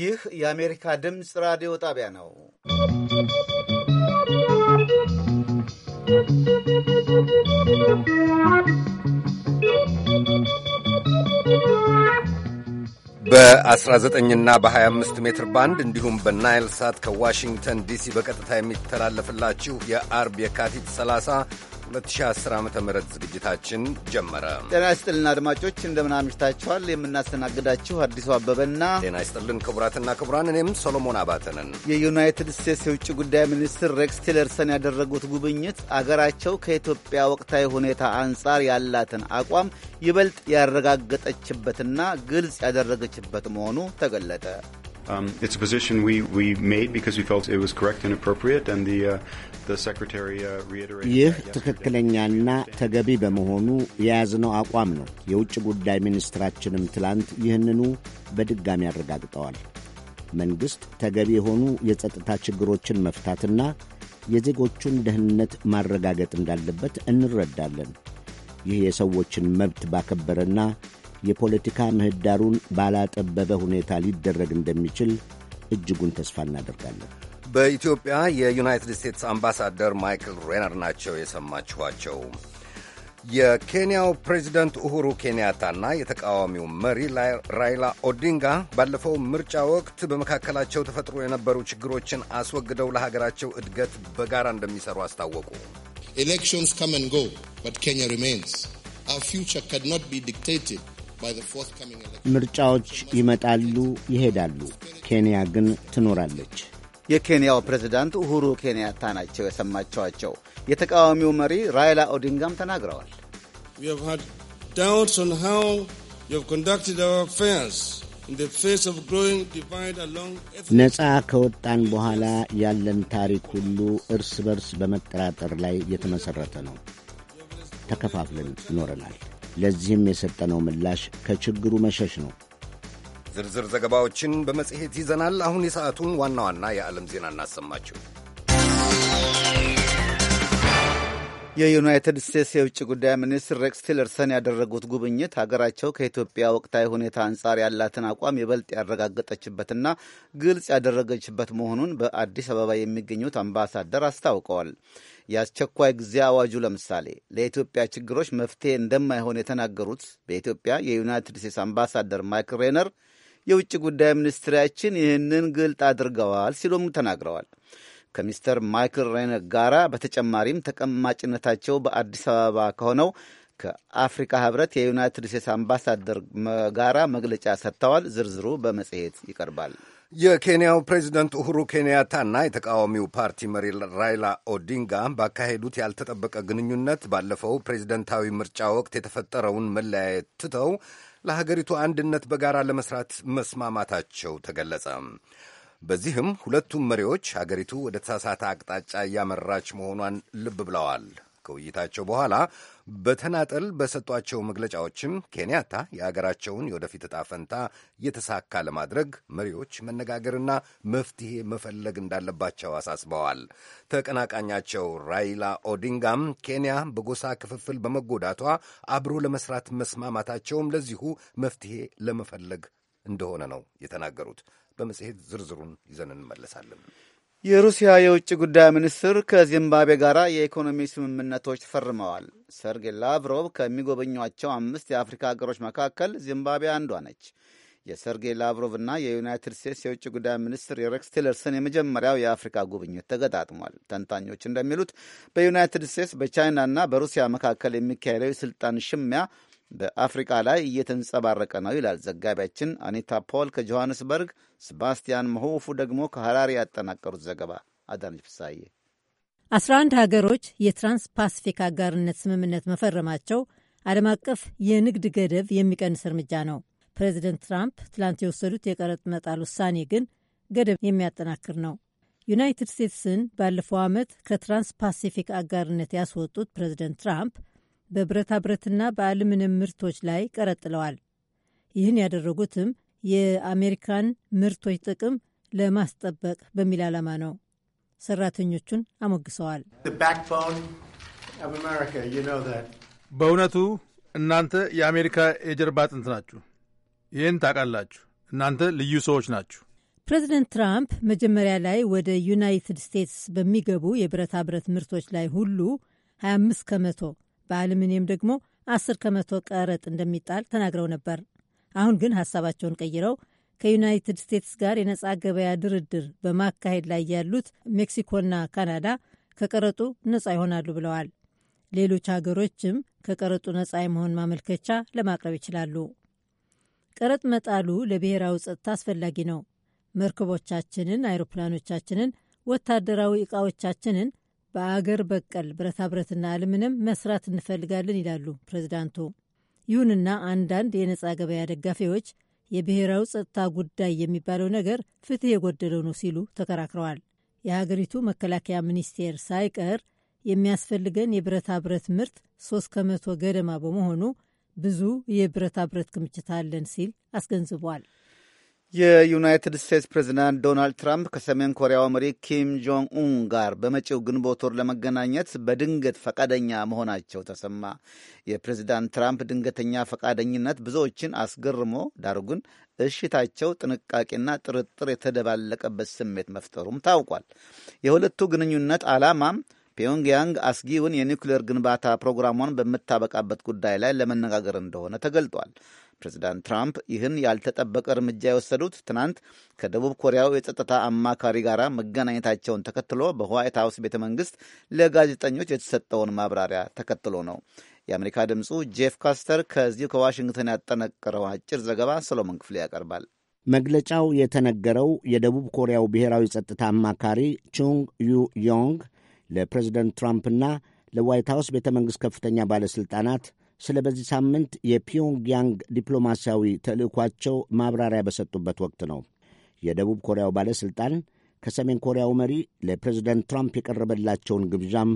ይህ የአሜሪካ ድምፅ ራዲዮ ጣቢያ ነው። በ19ና በ25 ሜትር ባንድ እንዲሁም በናይል ሳት ከዋሽንግተን ዲሲ በቀጥታ የሚተላለፍላችሁ የአርብ የካቲት 30 2010 ዓ ም ዝግጅታችን ጀመረ። ጤና ይስጥልን አድማጮች እንደምን አምሽታችኋል። የምናስተናግዳችሁ አዲሱ አበበና ጤና ይስጥልን ክቡራትና ክቡራን፣ እኔም ሶሎሞን አባተንን። የዩናይትድ ስቴትስ የውጭ ጉዳይ ሚኒስትር ሬክስ ቲለርሰን ያደረጉት ጉብኝት አገራቸው ከኢትዮጵያ ወቅታዊ ሁኔታ አንጻር ያላትን አቋም ይበልጥ ያረጋገጠችበትና ግልጽ ያደረገችበት መሆኑ ተገለጠ። Um, it's a position we, we made because we felt it was correct and appropriate, and the uh, Uh, ይህ ትክክለኛና ተገቢ በመሆኑ የያዝነው አቋም ነው። የውጭ ጉዳይ ሚኒስትራችንም ትላንት ይህንኑ በድጋሚ አረጋግጠዋል። መንግሥት ተገቢ የሆኑ የጸጥታ ችግሮችን መፍታትና የዜጎቹን ደህንነት ማረጋገጥ እንዳለበት እንረዳለን። ይህ የሰዎችን መብት ባከበረና የፖለቲካ ምህዳሩን ባላጠበበ ሁኔታ ሊደረግ እንደሚችል እጅጉን ተስፋ እናደርጋለን። በኢትዮጵያ የዩናይትድ ስቴትስ አምባሳደር ማይክል ሬነር ናቸው የሰማችኋቸው። የኬንያው ፕሬዚደንት ኡሁሩ ኬንያታና የተቃዋሚው መሪ ራይላ ኦዲንጋ ባለፈው ምርጫ ወቅት በመካከላቸው ተፈጥሮ የነበሩ ችግሮችን አስወግደው ለሀገራቸው እድገት በጋራ እንደሚሰሩ አስታወቁ። ኤሌክሽንስ ካም ኤንድ ጎ በት ኬንያ አወር ፊውቸር ካን ኖት ቢ ዲክቴትድ ምርጫዎች ይመጣሉ ይሄዳሉ፣ ኬንያ ግን ትኖራለች። የኬንያው ፕሬዝዳንት ኡሁሩ ኬንያታ ናቸው የሰማችኋቸው። የተቃዋሚው መሪ ራይላ ኦዲንጋም ተናግረዋል። ነፃ ከወጣን በኋላ ያለን ታሪክ ሁሉ እርስ በርስ በመጠራጠር ላይ የተመሠረተ ነው። ተከፋፍለን ኖረናል። ለዚህም የሰጠነው ምላሽ ከችግሩ መሸሽ ነው። ዝርዝር ዘገባዎችን በመጽሔት ይዘናል። አሁን የሰዓቱን ዋና ዋና የዓለም ዜና እናሰማችሁ። የዩናይትድ ስቴትስ የውጭ ጉዳይ ሚኒስትር ሬክስ ቲለርሰን ያደረጉት ጉብኝት ሀገራቸው ከኢትዮጵያ ወቅታዊ ሁኔታ አንጻር ያላትን አቋም ይበልጥ ያረጋገጠችበትና ግልጽ ያደረገችበት መሆኑን በአዲስ አበባ የሚገኙት አምባሳደር አስታውቀዋል። የአስቸኳይ ጊዜ አዋጁ ለምሳሌ ለኢትዮጵያ ችግሮች መፍትሄ እንደማይሆን የተናገሩት በኢትዮጵያ የዩናይትድ ስቴትስ አምባሳደር ማይክ ሬነር የውጭ ጉዳይ ሚኒስትራችን ይህንን ግልጥ አድርገዋል ሲሉም ተናግረዋል። ከሚስተር ማይክል ሬነር ጋራ በተጨማሪም ተቀማጭነታቸው በአዲስ አበባ ከሆነው ከአፍሪካ ህብረት የዩናይትድ ስቴትስ አምባሳደር ጋራ መግለጫ ሰጥተዋል። ዝርዝሩ በመጽሔት ይቀርባል። የኬንያው ፕሬዚደንት ኡሁሩ ኬንያታና የተቃዋሚው ፓርቲ መሪ ራይላ ኦዲንጋ ባካሄዱት ያልተጠበቀ ግንኙነት ባለፈው ፕሬዚደንታዊ ምርጫ ወቅት የተፈጠረውን መለያየት ትተው ለሀገሪቱ አንድነት በጋራ ለመስራት መስማማታቸው ተገለጸ። በዚህም ሁለቱም መሪዎች ሀገሪቱ ወደ ተሳሳተ አቅጣጫ እያመራች መሆኗን ልብ ብለዋል። ከውይይታቸው በኋላ በተናጠል በሰጧቸው መግለጫዎችም ኬንያታ የአገራቸውን የወደፊት ጣፈንታ ፈንታ የተሳካ ለማድረግ መሪዎች መነጋገርና መፍትሄ መፈለግ እንዳለባቸው አሳስበዋል። ተቀናቃኛቸው ራይላ ኦዲንጋም ኬንያ በጎሳ ክፍፍል በመጎዳቷ አብሮ ለመስራት መስማማታቸውም ለዚሁ መፍትሄ ለመፈለግ እንደሆነ ነው የተናገሩት። በመጽሔት ዝርዝሩን ይዘን እንመለሳለን። የሩሲያ የውጭ ጉዳይ ሚኒስትር ከዚምባብዌ ጋር የኢኮኖሚ ስምምነቶች ፈርመዋል። ሰርጌይ ላቭሮቭ ከሚጎበኟቸው አምስት የአፍሪካ ሀገሮች መካከል ዚምባብዌ አንዷ ነች። የሰርጌ ላቭሮቭ እና የዩናይትድ ስቴትስ የውጭ ጉዳይ ሚኒስትር የሬክስ ቲለርሰን የመጀመሪያው የአፍሪካ ጉብኝት ተገጣጥሟል። ተንታኞች እንደሚሉት በዩናይትድ ስቴትስ በቻይናና በሩሲያ መካከል የሚካሄደው የስልጣን ሽሚያ በአፍሪቃ ላይ እየተንጸባረቀ ነው ይላል ዘጋቢያችን አኒታ ፖል ከጆሃንስበርግ፣ ሴባስቲያን መሆፉ ደግሞ ከሐራሪ ያጠናቀሩት ዘገባ። አዳነች ፍሳዬ አስራ አንድ ሀገሮች የትራንስ ፓሲፊክ አጋርነት ስምምነት መፈረማቸው ዓለም አቀፍ የንግድ ገደብ የሚቀንስ እርምጃ ነው። ፕሬዚደንት ትራምፕ ትላንት የወሰዱት የቀረጥ መጣል ውሳኔ ግን ገደብ የሚያጠናክር ነው። ዩናይትድ ስቴትስን ባለፈው ዓመት ከትራንስ ፓሲፊክ አጋርነት ያስወጡት ፕሬዚደንት ትራምፕ በብረታ ብረትና በአልምንም ምርቶች ላይ ቀረጥ ጥለዋል። ይህን ያደረጉትም የአሜሪካን ምርቶች ጥቅም ለማስጠበቅ በሚል ዓላማ ነው። ሰራተኞቹን አሞግሰዋል። በእውነቱ እናንተ የአሜሪካ የጀርባ አጥንት ናችሁ። ይህን ታውቃላችሁ። እናንተ ልዩ ሰዎች ናችሁ። ፕሬዚደንት ትራምፕ መጀመሪያ ላይ ወደ ዩናይትድ ስቴትስ በሚገቡ የብረታ ብረት ምርቶች ላይ ሁሉ 25 ከመቶ በአልሚኒየም ደግሞ 10 ከመቶ ቀረጥ እንደሚጣል ተናግረው ነበር። አሁን ግን ሀሳባቸውን ቀይረው ከዩናይትድ ስቴትስ ጋር የነጻ ገበያ ድርድር በማካሄድ ላይ ያሉት ሜክሲኮና ካናዳ ከቀረጡ ነጻ ይሆናሉ ብለዋል። ሌሎች ሀገሮችም ከቀረጡ ነጻ የመሆን ማመልከቻ ለማቅረብ ይችላሉ። ቀረጥ መጣሉ ለብሔራዊ ጸጥታ አስፈላጊ ነው። መርከቦቻችንን፣ አይሮፕላኖቻችንን፣ ወታደራዊ ዕቃዎቻችንን በአገር በቀል ብረታ ብረትና አልምንም መስራት እንፈልጋለን ይላሉ ፕሬዚዳንቱ። ይሁንና አንዳንድ የነፃ ገበያ ደጋፊዎች የብሔራዊ ጸጥታ ጉዳይ የሚባለው ነገር ፍትህ የጎደለው ነው ሲሉ ተከራክረዋል። የሀገሪቱ መከላከያ ሚኒስቴር ሳይቀር የሚያስፈልገን የብረታ ብረት ምርት ሶስት ከመቶ ገደማ በመሆኑ ብዙ የብረታ ብረት ክምችት አለን ሲል አስገንዝቧል። የዩናይትድ ስቴትስ ፕሬዚዳንት ዶናልድ ትራምፕ ከሰሜን ኮሪያው መሪ ኪም ጆንግ ኡን ጋር በመጪው ግንቦት ወር ለመገናኘት በድንገት ፈቃደኛ መሆናቸው ተሰማ። የፕሬዚዳንት ትራምፕ ድንገተኛ ፈቃደኝነት ብዙዎችን አስገርሞ፣ ዳሩ ግን እሽታቸው ጥንቃቄና ጥርጥር የተደባለቀበት ስሜት መፍጠሩም ታውቋል። የሁለቱ ግንኙነት ዓላማም ፒዮንግያንግ አስጊውን የኒውክሌር ግንባታ ፕሮግራሟን በምታበቃበት ጉዳይ ላይ ለመነጋገር እንደሆነ ተገልጧል። ፕሬዚዳንት ትራምፕ ይህን ያልተጠበቀ እርምጃ የወሰዱት ትናንት ከደቡብ ኮሪያው የጸጥታ አማካሪ ጋር መገናኘታቸውን ተከትሎ በዋይት ሀውስ ቤተ መንግስት ለጋዜጠኞች የተሰጠውን ማብራሪያ ተከትሎ ነው። የአሜሪካ ድምፁ ጄፍ ካስተር ከዚሁ ከዋሽንግተን ያጠነቀረው አጭር ዘገባ ሰሎሞን ክፍሌ ያቀርባል። መግለጫው የተነገረው የደቡብ ኮሪያው ብሔራዊ ጸጥታ አማካሪ ቹንግ ዩ ዮንግ ለፕሬዚደንት ትራምፕና ለዋይት ሀውስ ቤተ መንግሥት ከፍተኛ ባለሥልጣናት ስለ በዚህ ሳምንት የፒዮንግያንግ ዲፕሎማሲያዊ ተልእኳቸው ማብራሪያ በሰጡበት ወቅት ነው። የደቡብ ኮሪያው ባለሥልጣን ከሰሜን ኮሪያው መሪ ለፕሬዚደንት ትራምፕ የቀረበላቸውን ግብዣም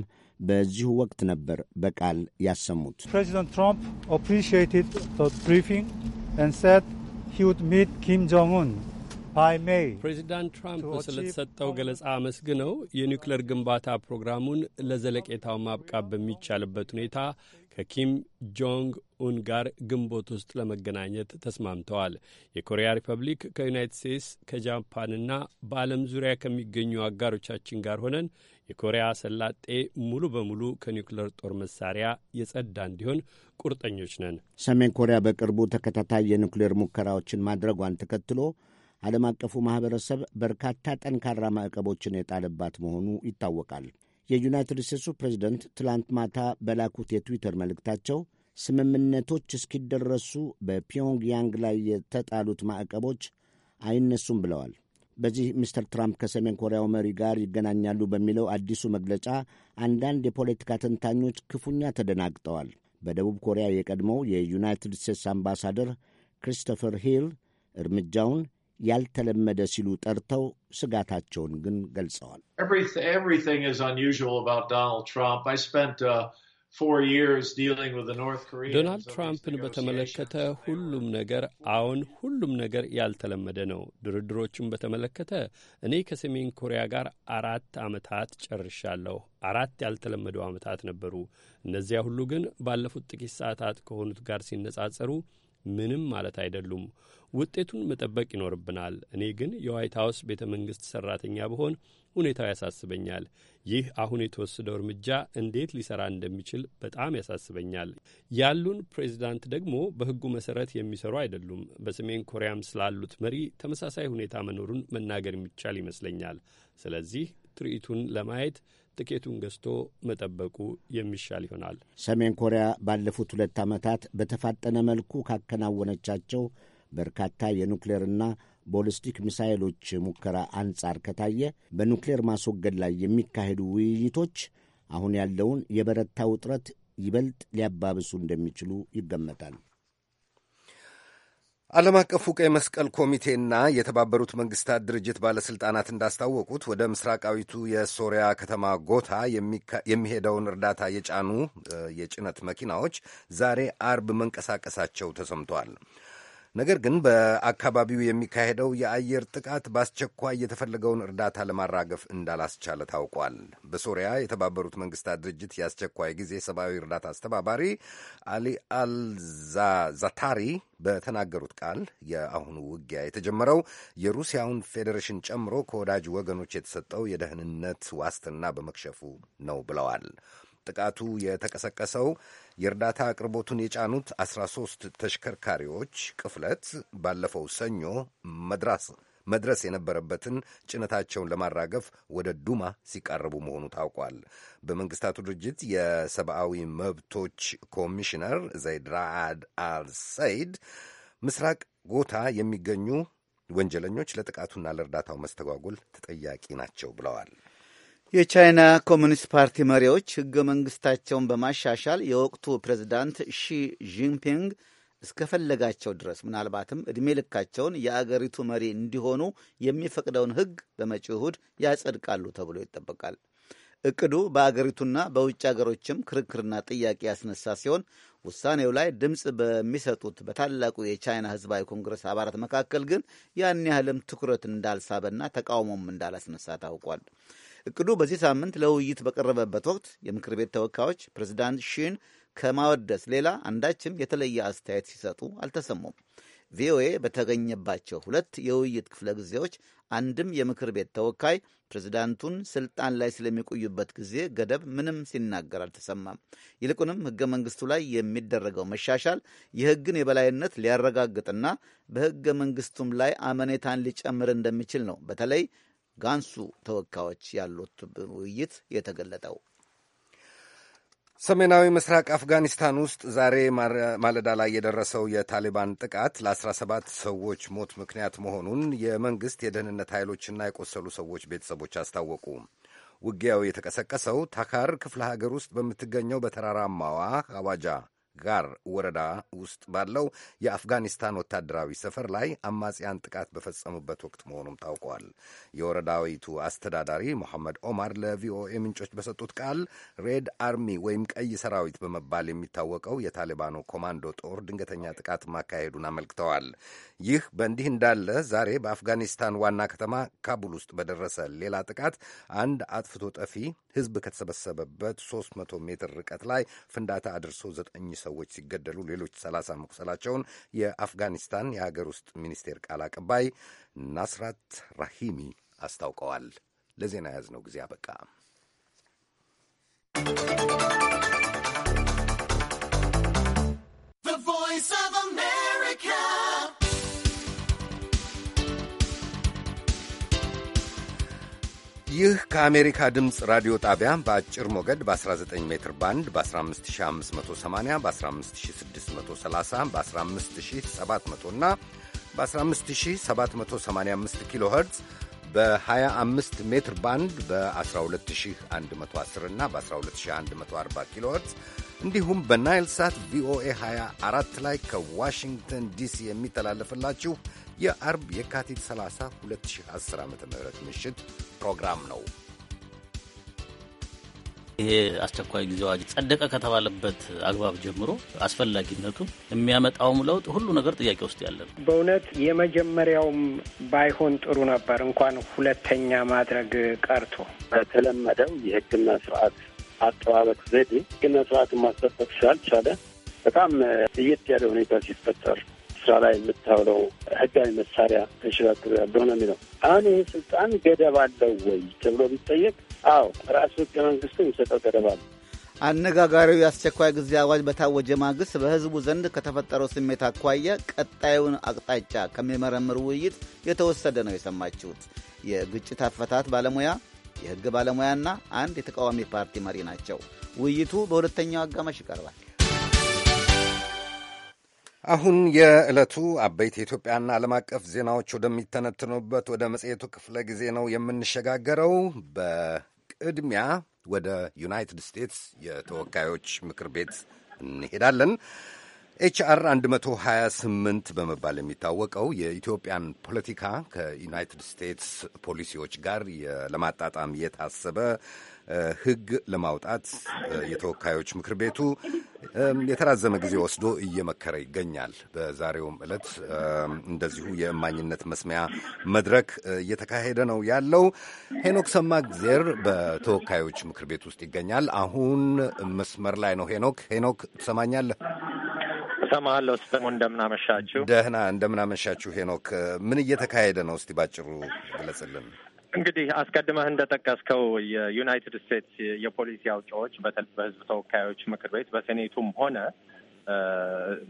በዚሁ ወቅት ነበር በቃል ያሰሙት። ፕሬዚደንት ትራምፕ አፕሪሺየትድ ብሪፊንግ ኤንድ ሰድ ሂ ውድ ሚት ኪም ጆንግ ኡን ፕሬዚዳንት ትራምፕ ስለተሰጠው ገለጻ አመስግነው የኒውክሌር ግንባታ ፕሮግራሙን ለዘለቄታው ማብቃት በሚቻልበት ሁኔታ ከኪም ጆንግ ኡን ጋር ግንቦት ውስጥ ለመገናኘት ተስማምተዋል። የኮሪያ ሪፐብሊክ ከዩናይትድ ስቴትስ ከጃፓንና በዓለም ዙሪያ ከሚገኙ አጋሮቻችን ጋር ሆነን የኮሪያ ሰላጤ ሙሉ በሙሉ ከኒውክሌር ጦር መሳሪያ የጸዳ እንዲሆን ቁርጠኞች ነን። ሰሜን ኮሪያ በቅርቡ ተከታታይ የኒውክሌር ሙከራዎችን ማድረጓን ተከትሎ ዓለም አቀፉ ማኅበረሰብ በርካታ ጠንካራ ማዕቀቦችን የጣለባት መሆኑ ይታወቃል። የዩናይትድ ስቴትሱ ፕሬዚደንት ትላንት ማታ በላኩት የትዊተር መልእክታቸው ስምምነቶች እስኪደረሱ በፒዮንግያንግ ላይ የተጣሉት ማዕቀቦች አይነሱም ብለዋል። በዚህ ሚስተር ትራምፕ ከሰሜን ኮሪያው መሪ ጋር ይገናኛሉ በሚለው አዲሱ መግለጫ አንዳንድ የፖለቲካ ተንታኞች ክፉኛ ተደናግጠዋል። በደቡብ ኮሪያ የቀድሞው የዩናይትድ ስቴትስ አምባሳደር ክሪስቶፈር ሂል እርምጃውን ያልተለመደ ሲሉ ጠርተው ስጋታቸውን ግን ገልጸዋል። ዶናልድ ትራምፕን uh, በተመለከተ ሁሉም ነገር አሁን ሁሉም ነገር ያልተለመደ ነው። ድርድሮቹን በተመለከተ እኔ ከሰሜን ኮሪያ ጋር አራት ዓመታት ጨርሻለሁ። አራት ያልተለመዱ ዓመታት ነበሩ። እነዚያ ሁሉ ግን ባለፉት ጥቂት ሰዓታት ከሆኑት ጋር ሲነጻጸሩ ምንም ማለት አይደሉም። ውጤቱን መጠበቅ ይኖርብናል። እኔ ግን የዋይት ሀውስ ቤተ መንግሥት ሠራተኛ ብሆን ሁኔታው ያሳስበኛል። ይህ አሁን የተወሰደው እርምጃ እንዴት ሊሰራ እንደሚችል በጣም ያሳስበኛል። ያሉን ፕሬዚዳንት ደግሞ በሕጉ መሠረት የሚሰሩ አይደሉም። በሰሜን ኮሪያም ስላሉት መሪ ተመሳሳይ ሁኔታ መኖሩን መናገር የሚቻል ይመስለኛል። ስለዚህ ትርኢቱን ለማየት ትኬቱን ገዝቶ መጠበቁ የሚሻል ይሆናል። ሰሜን ኮሪያ ባለፉት ሁለት ዓመታት በተፋጠነ መልኩ ካከናወነቻቸው በርካታ የኑክሌርና ቦሊስቲክ ሚሳይሎች ሙከራ አንጻር ከታየ በኑክሌር ማስወገድ ላይ የሚካሄዱ ውይይቶች አሁን ያለውን የበረታ ውጥረት ይበልጥ ሊያባብሱ እንደሚችሉ ይገመታል። ዓለም አቀፉ ቀይ መስቀል ኮሚቴና የተባበሩት መንግስታት ድርጅት ባለሥልጣናት እንዳስታወቁት ወደ ምስራቃዊቱ የሶሪያ ከተማ ጎታ የሚሄደውን እርዳታ የጫኑ የጭነት መኪናዎች ዛሬ አርብ መንቀሳቀሳቸው ተሰምቷል። ነገር ግን በአካባቢው የሚካሄደው የአየር ጥቃት በአስቸኳይ የተፈለገውን እርዳታ ለማራገፍ እንዳላስቻለ ታውቋል። በሶሪያ የተባበሩት መንግስታት ድርጅት የአስቸኳይ ጊዜ ሰብአዊ እርዳታ አስተባባሪ አሊ አልዛታሪ በተናገሩት ቃል የአሁኑ ውጊያ የተጀመረው የሩሲያውን ፌዴሬሽን ጨምሮ ከወዳጅ ወገኖች የተሰጠው የደህንነት ዋስትና በመክሸፉ ነው ብለዋል። ጥቃቱ የተቀሰቀሰው የእርዳታ አቅርቦቱን የጫኑት 13 ተሽከርካሪዎች ቅፍለት ባለፈው ሰኞ መድራስ መድረስ የነበረበትን ጭነታቸውን ለማራገፍ ወደ ዱማ ሲቃረቡ መሆኑ ታውቋል። በመንግስታቱ ድርጅት የሰብአዊ መብቶች ኮሚሽነር ዘይድ ራአድ አል ሰይድ ምስራቅ ጎታ የሚገኙ ወንጀለኞች ለጥቃቱና ለእርዳታው መስተጓጎል ተጠያቂ ናቸው ብለዋል። የቻይና ኮሚኒስት ፓርቲ መሪዎች ህገ መንግስታቸውን በማሻሻል የወቅቱ ፕሬዝዳንት ሺ ጂንፒንግ እስከፈለጋቸው ድረስ ምናልባትም ዕድሜ ልካቸውን የአገሪቱ መሪ እንዲሆኑ የሚፈቅደውን ህግ በመጪው እሁድ ያጸድቃሉ ተብሎ ይጠበቃል። እቅዱ በአገሪቱና በውጭ አገሮችም ክርክርና ጥያቄ ያስነሳ ሲሆን ውሳኔው ላይ ድምፅ በሚሰጡት በታላቁ የቻይና ህዝባዊ ኮንግረስ አባላት መካከል ግን ያን ያህልም ትኩረት እንዳልሳበና ተቃውሞም እንዳላስነሳ ታውቋል። እቅዱ በዚህ ሳምንት ለውይይት በቀረበበት ወቅት የምክር ቤት ተወካዮች ፕሬዚዳንት ሺን ከማወደስ ሌላ አንዳችም የተለየ አስተያየት ሲሰጡ አልተሰሙም። ቪኦኤ በተገኘባቸው ሁለት የውይይት ክፍለ ጊዜዎች አንድም የምክር ቤት ተወካይ ፕሬዚዳንቱን ስልጣን ላይ ስለሚቆዩበት ጊዜ ገደብ ምንም ሲናገር አልተሰማም። ይልቁንም ህገ መንግስቱ ላይ የሚደረገው መሻሻል የህግን የበላይነት ሊያረጋግጥና በህገ መንግስቱም ላይ አመኔታን ሊጨምር እንደሚችል ነው በተለይ ጋንሱ ተወካዮች ያሉት ውይይት የተገለጠው። ሰሜናዊ ምስራቅ አፍጋኒስታን ውስጥ ዛሬ ማለዳ ላይ የደረሰው የታሊባን ጥቃት ለ17 ሰዎች ሞት ምክንያት መሆኑን የመንግሥት የደህንነት ኃይሎችና የቆሰሉ ሰዎች ቤተሰቦች አስታወቁ። ውጊያው የተቀሰቀሰው ታካር ክፍለ ሀገር ውስጥ በምትገኘው በተራራማዋ አዋጃ ጋር ወረዳ ውስጥ ባለው የአፍጋኒስታን ወታደራዊ ሰፈር ላይ አማጽያን ጥቃት በፈጸሙበት ወቅት መሆኑም ታውቋል። የወረዳዊቱ አስተዳዳሪ ሞሐመድ ኦማር ለቪኦኤ ምንጮች በሰጡት ቃል ሬድ አርሚ ወይም ቀይ ሰራዊት በመባል የሚታወቀው የታሊባኑ ኮማንዶ ጦር ድንገተኛ ጥቃት ማካሄዱን አመልክተዋል። ይህ በእንዲህ እንዳለ ዛሬ በአፍጋኒስታን ዋና ከተማ ካቡል ውስጥ በደረሰ ሌላ ጥቃት አንድ አጥፍቶ ጠፊ ሕዝብ ከተሰበሰበበት 300 ሜትር ርቀት ላይ ፍንዳታ አድርሶ ዘጠኝ ሰዎች ሲገደሉ ሌሎች 30 መቁሰላቸውን የአፍጋኒስታን የሀገር ውስጥ ሚኒስቴር ቃል አቀባይ ናስራት ራሂሚ አስታውቀዋል። ለዜና የያዝነው ጊዜ አበቃ። ይህ ከአሜሪካ ድምፅ ራዲዮ ጣቢያ በአጭር ሞገድ በ19 ሜትር ባንድ በ15580 በ15630 በ15700 እና በ15785 ኪሎ ኸርትዝ በ25 ሜትር ባንድ በ12110 እና በ12140 ኪሎ ኸርትዝ እንዲሁም በናይል ሳት ቪኦኤ 24 ላይ ከዋሽንግተን ዲሲ የሚተላለፍላችሁ የአርብ የካቲት 30 2010 ዓ ም ምሽት ፕሮግራም ነው። ይሄ አስቸኳይ ጊዜ አዋጅ ጸደቀ ከተባለበት አግባብ ጀምሮ አስፈላጊነቱ የሚያመጣውም ለውጥ ሁሉ ነገር ጥያቄ ውስጥ ያለ ነው። በእውነት የመጀመሪያውም ባይሆን ጥሩ ነበር፣ እንኳን ሁለተኛ ማድረግ ቀርቶ በተለመደው የሕግና ስርዓት አጠባበቅ ዘዴ ግን ስርዓትን ማስጠበቅ ስላልቻለ በጣም ለየት ያለ ሁኔታ ሲፈጠር ስራ ላይ የምታውለው ህጋዊ መሳሪያ ተሸጋግር ያለው ነው የሚለው። አሁን ይህ ስልጣን ገደብ አለው ወይ ተብሎ ቢጠየቅ፣ አዎ ራሱ ህገ መንግስቱ የሚሰጠው ገደብ አለ። አነጋጋሪው የአስቸኳይ ጊዜ አዋጅ በታወጀ ማግስት በህዝቡ ዘንድ ከተፈጠረው ስሜት አኳያ ቀጣዩን አቅጣጫ ከሚመረምር ውይይት የተወሰደ ነው የሰማችሁት። የግጭት አፈታት ባለሙያ የህግ ባለሙያና አንድ የተቃዋሚ ፓርቲ መሪ ናቸው። ውይይቱ በሁለተኛው አጋማሽ ይቀርባል። አሁን የዕለቱ አበይት የኢትዮጵያና ዓለም አቀፍ ዜናዎች ወደሚተነትኑበት ወደ መጽሔቱ ክፍለ ጊዜ ነው የምንሸጋገረው። በቅድሚያ ወደ ዩናይትድ ስቴትስ የተወካዮች ምክር ቤት እንሄዳለን። ኤችአር 128 በመባል የሚታወቀው የኢትዮጵያን ፖለቲካ ከዩናይትድ ስቴትስ ፖሊሲዎች ጋር ለማጣጣም የታሰበ ሕግ ለማውጣት የተወካዮች ምክር ቤቱ የተራዘመ ጊዜ ወስዶ እየመከረ ይገኛል። በዛሬውም ዕለት እንደዚሁ የእማኝነት መስሚያ መድረክ እየተካሄደ ነው ያለው። ሄኖክ ሰማግዜር በተወካዮች ምክር ቤት ውስጥ ይገኛል። አሁን መስመር ላይ ነው። ሄኖክ ሄኖክ ትሰማኛለህ? እሰማሃለሁ ሰለሞን፣ እንደምናመሻችሁ። ደህና እንደምናመሻችሁ። ሄኖክ፣ ምን እየተካሄደ ነው? እስቲ ባጭሩ ግለጽልን። እንግዲህ አስቀድመህ እንደጠቀስከው የዩናይትድ ስቴትስ የፖሊሲ አውጪዎች በተለይ በህዝብ ተወካዮች ምክር ቤት በሴኔቱም ሆነ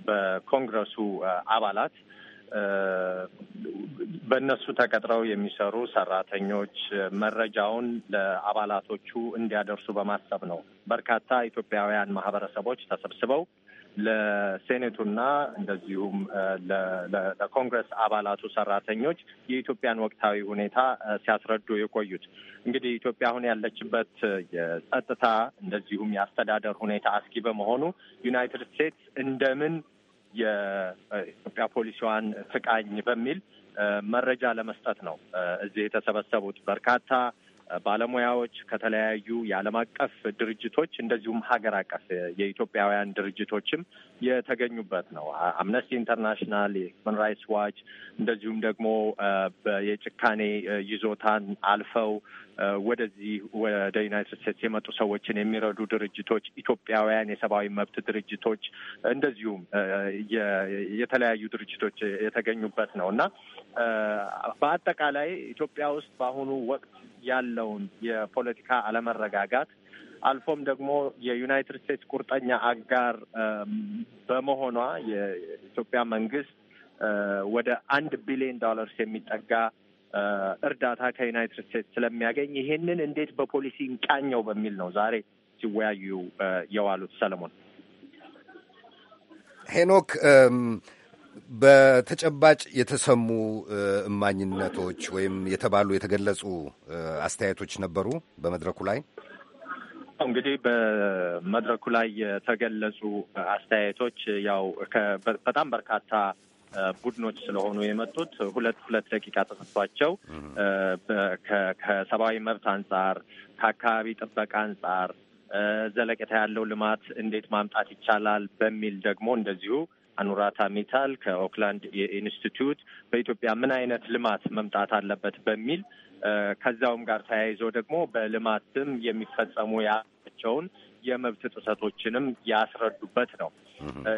በኮንግረሱ አባላት በእነሱ ተቀጥረው የሚሰሩ ሰራተኞች መረጃውን ለአባላቶቹ እንዲያደርሱ በማሰብ ነው። በርካታ ኢትዮጵያውያን ማህበረሰቦች ተሰብስበው ለሴኔቱና እንደዚሁም ለኮንግረስ አባላቱ ሰራተኞች የኢትዮጵያን ወቅታዊ ሁኔታ ሲያስረዱ የቆዩት። እንግዲህ ኢትዮጵያ አሁን ያለችበት የጸጥታ እንደዚሁም የአስተዳደር ሁኔታ አስጊ በመሆኑ ዩናይትድ ስቴትስ እንደምን የኢትዮጵያ ፖሊሲዋን ፍቃኝ በሚል መረጃ ለመስጠት ነው እዚህ የተሰበሰቡት በርካታ ባለሙያዎች ከተለያዩ የዓለም አቀፍ ድርጅቶች እንደዚሁም ሀገር አቀፍ የኢትዮጵያውያን ድርጅቶችም የተገኙበት ነው። አምነስቲ ኢንተርናሽናል፣ የሂውማን ራይትስ ዋች እንደዚሁም ደግሞ የጭካኔ ይዞታን አልፈው ወደዚህ ወደ ዩናይትድ ስቴትስ የመጡ ሰዎችን የሚረዱ ድርጅቶች፣ ኢትዮጵያውያን የሰብአዊ መብት ድርጅቶች እንደዚሁም የተለያዩ ድርጅቶች የተገኙበት ነው እና በአጠቃላይ ኢትዮጵያ ውስጥ በአሁኑ ወቅት ያለውን የፖለቲካ አለመረጋጋት አልፎም ደግሞ የዩናይትድ ስቴትስ ቁርጠኛ አጋር በመሆኗ የኢትዮጵያ መንግስት ወደ አንድ ቢሊዮን ዶላርስ የሚጠጋ እርዳታ ከዩናይትድ ስቴትስ ስለሚያገኝ ይሄንን እንዴት በፖሊሲ እንቃኘው በሚል ነው ዛሬ ሲወያዩ የዋሉት። ሰለሞን ሄኖክ በተጨባጭ የተሰሙ እማኝነቶች ወይም የተባሉ የተገለጹ አስተያየቶች ነበሩ በመድረኩ ላይ። እንግዲህ በመድረኩ ላይ የተገለጹ አስተያየቶች ያው በጣም በርካታ ቡድኖች ስለሆኑ የመጡት ሁለት ሁለት ደቂቃ ተሰጥቷቸው ከሰብአዊ መብት አንጻር፣ ከአካባቢ ጥበቃ አንጻር ዘለቄታ ያለው ልማት እንዴት ማምጣት ይቻላል በሚል ደግሞ እንደዚሁ አኑራታ ሜታል ከኦክላንድ ኢንስቲትዩት በኢትዮጵያ ምን አይነት ልማት መምጣት አለበት በሚል ከዛውም ጋር ተያይዞ ደግሞ በልማት ስም የሚፈጸሙ ያቸውን የመብት ጥሰቶችንም ያስረዱበት ነው።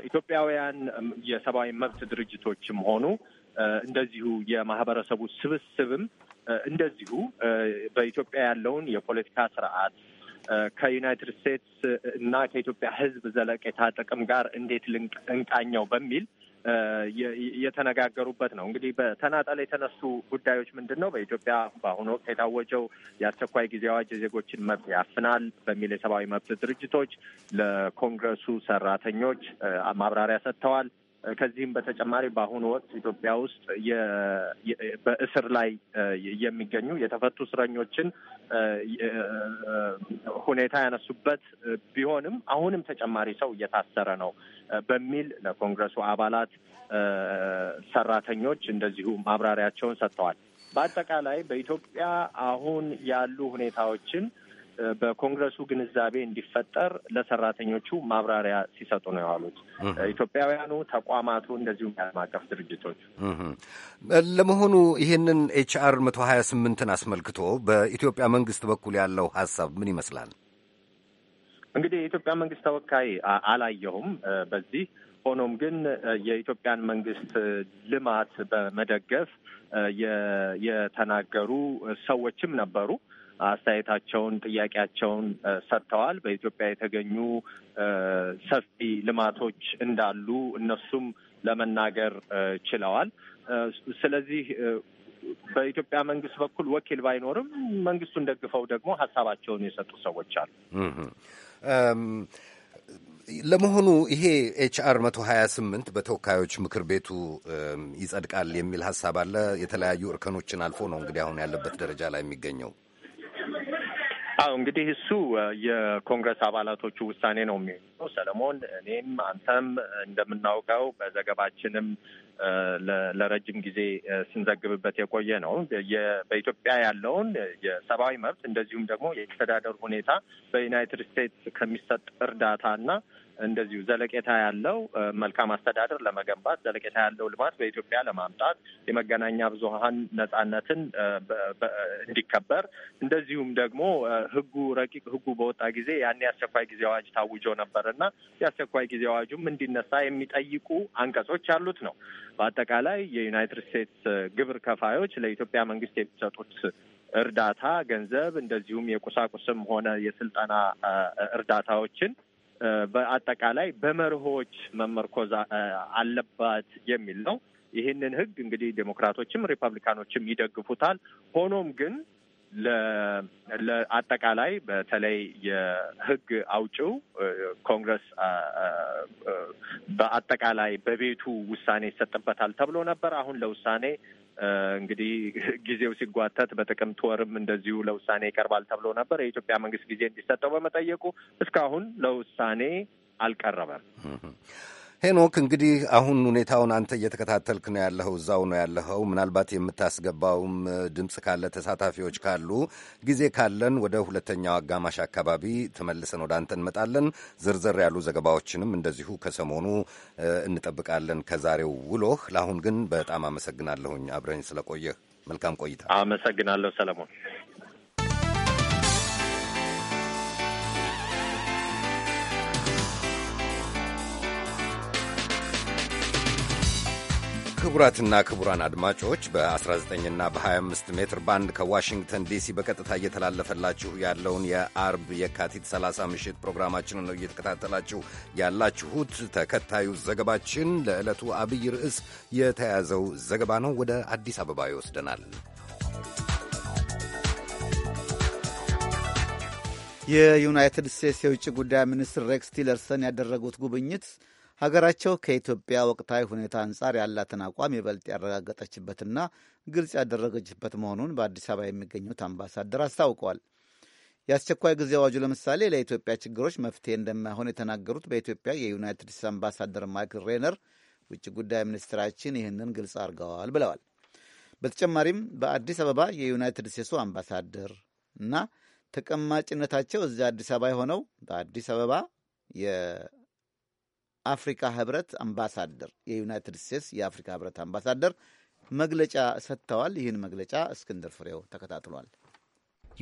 ኢትዮጵያውያን የሰብአዊ መብት ድርጅቶችም ሆኑ እንደዚሁ የማህበረሰቡ ስብስብም እንደዚሁ በኢትዮጵያ ያለውን የፖለቲካ ስርዓት ከዩናይትድ ስቴትስ እና ከኢትዮጵያ ሕዝብ ዘለቄታ ጥቅም ጋር እንዴት እንቃኘው በሚል የተነጋገሩበት ነው። እንግዲህ በተናጠል የተነሱ ጉዳዮች ምንድን ነው? በኢትዮጵያ በአሁኑ ወቅት የታወጀው የአስቸኳይ ጊዜ አዋጅ የዜጎችን መብት ያፍናል በሚል የሰብአዊ መብት ድርጅቶች ለኮንግረሱ ሰራተኞች ማብራሪያ ሰጥተዋል። ከዚህም በተጨማሪ በአሁኑ ወቅት ኢትዮጵያ ውስጥ በእስር ላይ የሚገኙ የተፈቱ እስረኞችን ሁኔታ ያነሱበት ቢሆንም አሁንም ተጨማሪ ሰው እየታሰረ ነው በሚል ለኮንግረሱ አባላት ሰራተኞች እንደዚሁ ማብራሪያቸውን ሰጥተዋል። በአጠቃላይ በኢትዮጵያ አሁን ያሉ ሁኔታዎችን በኮንግረሱ ግንዛቤ እንዲፈጠር ለሰራተኞቹ ማብራሪያ ሲሰጡ ነው የዋሉት። ኢትዮጵያውያኑ ተቋማቱ፣ እንደዚሁም የዓለም አቀፍ ድርጅቶች። ለመሆኑ ይህንን ኤች አር መቶ ሀያ ስምንትን አስመልክቶ በኢትዮጵያ መንግስት በኩል ያለው ሀሳብ ምን ይመስላል? እንግዲህ የኢትዮጵያ መንግስት ተወካይ አላየሁም በዚህ ሆኖም ግን የኢትዮጵያን መንግስት ልማት በመደገፍ የተናገሩ ሰዎችም ነበሩ። አስተያየታቸውን፣ ጥያቄያቸውን ሰጥተዋል። በኢትዮጵያ የተገኙ ሰፊ ልማቶች እንዳሉ እነሱም ለመናገር ችለዋል። ስለዚህ በኢትዮጵያ መንግስት በኩል ወኪል ባይኖርም መንግስቱን ደግፈው ደግሞ ሀሳባቸውን የሰጡ ሰዎች አሉ። ለመሆኑ ይሄ ኤች አር መቶ ሀያ ስምንት በተወካዮች ምክር ቤቱ ይጸድቃል የሚል ሀሳብ አለ። የተለያዩ እርከኖችን አልፎ ነው እንግዲህ አሁን ያለበት ደረጃ ላይ የሚገኘው አዎ እንግዲህ እሱ የኮንግረስ አባላቶቹ ውሳኔ ነው የሚሆነው። ሰለሞን፣ እኔም አንተም እንደምናውቀው በዘገባችንም ለረጅም ጊዜ ስንዘግብበት የቆየ ነው። በኢትዮጵያ ያለውን የሰብአዊ መብት እንደዚሁም ደግሞ የአስተዳደር ሁኔታ በዩናይትድ ስቴትስ ከሚሰጥ እርዳታ እና እንደዚሁ ዘለቄታ ያለው መልካም አስተዳደር ለመገንባት ዘለቄታ ያለው ልማት በኢትዮጵያ ለማምጣት የመገናኛ ብዙሀን ነጻነትን እንዲከበር እንደዚሁም ደግሞ ህጉ ረቂቅ ህጉ በወጣ ጊዜ ያን የአስቸኳይ ጊዜ አዋጅ ታውጆ ነበር እና የአስቸኳይ ጊዜ አዋጁም እንዲነሳ የሚጠይቁ አንቀጾች ያሉት ነው። በአጠቃላይ የዩናይትድ ስቴትስ ግብር ከፋዮች ለኢትዮጵያ መንግስት የሚሰጡት እርዳታ ገንዘብ እንደዚሁም የቁሳቁስም ሆነ የስልጠና እርዳታዎችን በአጠቃላይ በመርሆች መመርኮዝ አለባት የሚል ነው። ይህንን ህግ እንግዲህ ዴሞክራቶችም ሪፐብሊካኖችም ይደግፉታል። ሆኖም ግን ለአጠቃላይ በተለይ የህግ አውጪው ኮንግረስ በአጠቃላይ በቤቱ ውሳኔ ይሰጥበታል ተብሎ ነበር። አሁን ለውሳኔ እንግዲህ ጊዜው ሲጓተት በጥቅምት ወርም እንደዚሁ ለውሳኔ ይቀርባል ተብሎ ነበር። የኢትዮጵያ መንግስት ጊዜ እንዲሰጠው በመጠየቁ እስካሁን ለውሳኔ አልቀረበም። ሄኖክ እንግዲህ አሁን ሁኔታውን አንተ እየተከታተልክ ነው ያለኸው፣ እዛው ነው ያለኸው። ምናልባት የምታስገባውም ድምፅ ካለ ተሳታፊዎች ካሉ ጊዜ ካለን ወደ ሁለተኛው አጋማሽ አካባቢ ተመልሰን ወደ አንተ እንመጣለን። ዝርዝር ያሉ ዘገባዎችንም እንደዚሁ ከሰሞኑ እንጠብቃለን ከዛሬው ውሎህ። ለአሁን ግን በጣም አመሰግናለሁኝ አብረኝ ስለቆየህ። መልካም ቆይታ። አመሰግናለሁ ሰለሞን። ክቡራትና ክቡራን አድማጮች በ19ና በ25 ሜትር ባንድ ከዋሽንግተን ዲሲ በቀጥታ እየተላለፈላችሁ ያለውን የአርብ የካቲት 30 ምሽት ፕሮግራማችንን ነው እየተከታተላችሁ ያላችሁት። ተከታዩ ዘገባችን ለዕለቱ አብይ ርዕስ የተያዘው ዘገባ ነው። ወደ አዲስ አበባ ይወስደናል። የዩናይትድ ስቴትስ የውጭ ጉዳይ ሚኒስትር ሬክስ ቲለርሰን ያደረጉት ጉብኝት ሀገራቸው ከኢትዮጵያ ወቅታዊ ሁኔታ አንጻር ያላትን አቋም ይበልጥ ያረጋገጠችበትና ግልጽ ያደረገችበት መሆኑን በአዲስ አበባ የሚገኙት አምባሳደር አስታውቀዋል። የአስቸኳይ ጊዜ አዋጁ ለምሳሌ ለኢትዮጵያ ችግሮች መፍትሄ እንደማይሆን የተናገሩት በኢትዮጵያ የዩናይትድ ስቴትስ አምባሳደር ማይክል ሬነር ውጭ ጉዳይ ሚኒስትራችን ይህንን ግልጽ አድርገዋል ብለዋል። በተጨማሪም በአዲስ አበባ የዩናይትድ ስቴትሱ አምባሳደር እና ተቀማጭነታቸው እዚያ አዲስ አበባ የሆነው በአዲስ አበባ አፍሪካ ህብረት አምባሳደር የዩናይትድ ስቴትስ የአፍሪካ ህብረት አምባሳደር መግለጫ ሰጥተዋል። ይህን መግለጫ እስክንድር ፍሬው ተከታትሏል።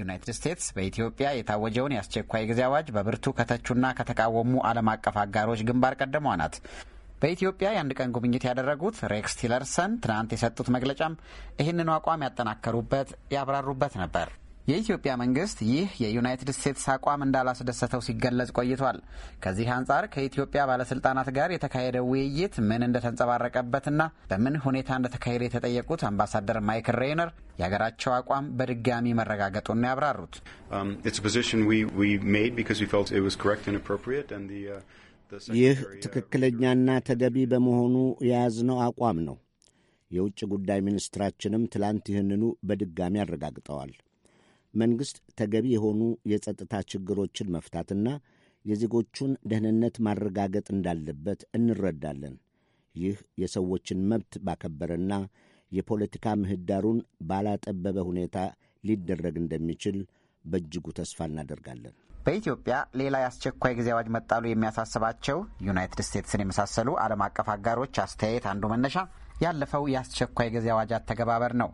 ዩናይትድ ስቴትስ በኢትዮጵያ የታወጀውን የአስቸኳይ ጊዜ አዋጅ በብርቱ ከተቹና ከተቃወሙ ዓለም አቀፍ አጋሮች ግንባር ቀደሟ ናት። በኢትዮጵያ የአንድ ቀን ጉብኝት ያደረጉት ሬክስ ቲለርሰን ትናንት የሰጡት መግለጫም ይህንኑ አቋም ያጠናከሩበት ያብራሩበት ነበር። የኢትዮጵያ መንግስት ይህ የዩናይትድ ስቴትስ አቋም እንዳላስደሰተው ሲገለጽ ቆይቷል። ከዚህ አንጻር ከኢትዮጵያ ባለስልጣናት ጋር የተካሄደው ውይይት ምን እንደተንጸባረቀበትና በምን ሁኔታ እንደተካሄደ የተጠየቁት አምባሳደር ማይክል ሬይነር የሀገራቸው አቋም በድጋሚ መረጋገጡን ያብራሩት። um, uh, ይህ uh, ትክክለኛና ተገቢ በመሆኑ የያዝነው አቋም ነው። የውጭ ጉዳይ ሚኒስትራችንም ትላንት ይህንኑ በድጋሚ አረጋግጠዋል። መንግሥት ተገቢ የሆኑ የጸጥታ ችግሮችን መፍታትና የዜጎቹን ደህንነት ማረጋገጥ እንዳለበት እንረዳለን። ይህ የሰዎችን መብት ባከበረና የፖለቲካ ምህዳሩን ባላጠበበ ሁኔታ ሊደረግ እንደሚችል በእጅጉ ተስፋ እናደርጋለን። በኢትዮጵያ ሌላ የአስቸኳይ ጊዜ አዋጅ መጣሉ የሚያሳስባቸው ዩናይትድ ስቴትስን የመሳሰሉ ዓለም አቀፍ አጋሮች አስተያየት አንዱ መነሻ ያለፈው የአስቸኳይ ጊዜ አዋጅ አተገባበር ነው።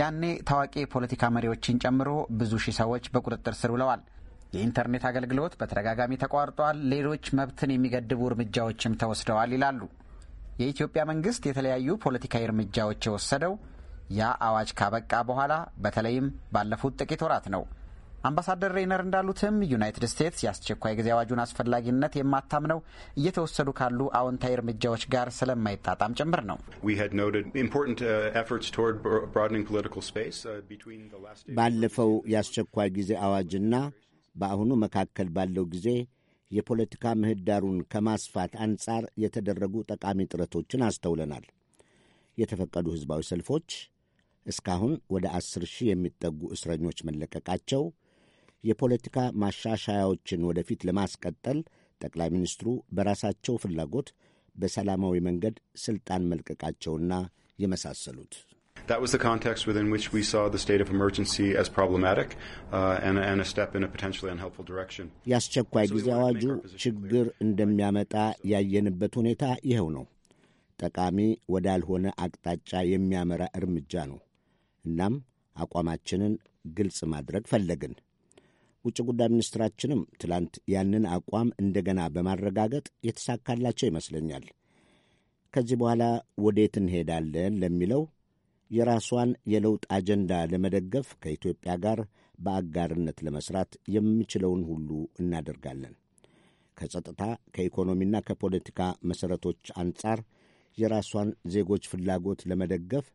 ያኔ ታዋቂ የፖለቲካ መሪዎችን ጨምሮ ብዙ ሺህ ሰዎች በቁጥጥር ስር ውለዋል። የኢንተርኔት አገልግሎት በተደጋጋሚ ተቋርጧል፣ ሌሎች መብትን የሚገድቡ እርምጃዎችም ተወስደዋል ይላሉ። የኢትዮጵያ መንግስት የተለያዩ ፖለቲካዊ እርምጃዎች የወሰደው ያ አዋጅ ካበቃ በኋላ በተለይም ባለፉት ጥቂት ወራት ነው። አምባሳደር ሬይነር እንዳሉትም ዩናይትድ ስቴትስ የአስቸኳይ ጊዜ አዋጁን አስፈላጊነት የማታምነው እየተወሰዱ ካሉ አዎንታዊ እርምጃዎች ጋር ስለማይጣጣም ጭምር ነው። uh, uh, ባለፈው የአስቸኳይ ጊዜ አዋጅና በአሁኑ መካከል ባለው ጊዜ የፖለቲካ ምህዳሩን ከማስፋት አንጻር የተደረጉ ጠቃሚ ጥረቶችን አስተውለናል። የተፈቀዱ ሕዝባዊ ሰልፎች፣ እስካሁን ወደ አስር ሺህ የሚጠጉ እስረኞች መለቀቃቸው የፖለቲካ ማሻሻያዎችን ወደፊት ለማስቀጠል ጠቅላይ ሚኒስትሩ በራሳቸው ፍላጎት በሰላማዊ መንገድ ስልጣን መልቀቃቸውና የመሳሰሉት That was the context within which we saw the state of emergency as problematic uh, and, and a step in a potentially unhelpful direction. የአስቸኳይ ጊዜ አዋጁ ችግር እንደሚያመጣ ያየንበት ሁኔታ ይኸው ነው። ጠቃሚ ወዳልሆነ አቅጣጫ የሚያመራ እርምጃ ነው። እናም አቋማችንን ግልጽ ማድረግ ፈለግን። ውጭ ጉዳይ ሚኒስትራችንም ትላንት ያንን አቋም እንደገና በማረጋገጥ የተሳካላቸው ይመስለኛል። ከዚህ በኋላ ወዴት እንሄዳለን ለሚለው የራሷን የለውጥ አጀንዳ ለመደገፍ ከኢትዮጵያ ጋር በአጋርነት ለመስራት የምችለውን ሁሉ እናደርጋለን። ከጸጥታ ከኢኮኖሚና ከፖለቲካ መሠረቶች አንጻር የራሷን ዜጎች ፍላጎት ለመደገፍ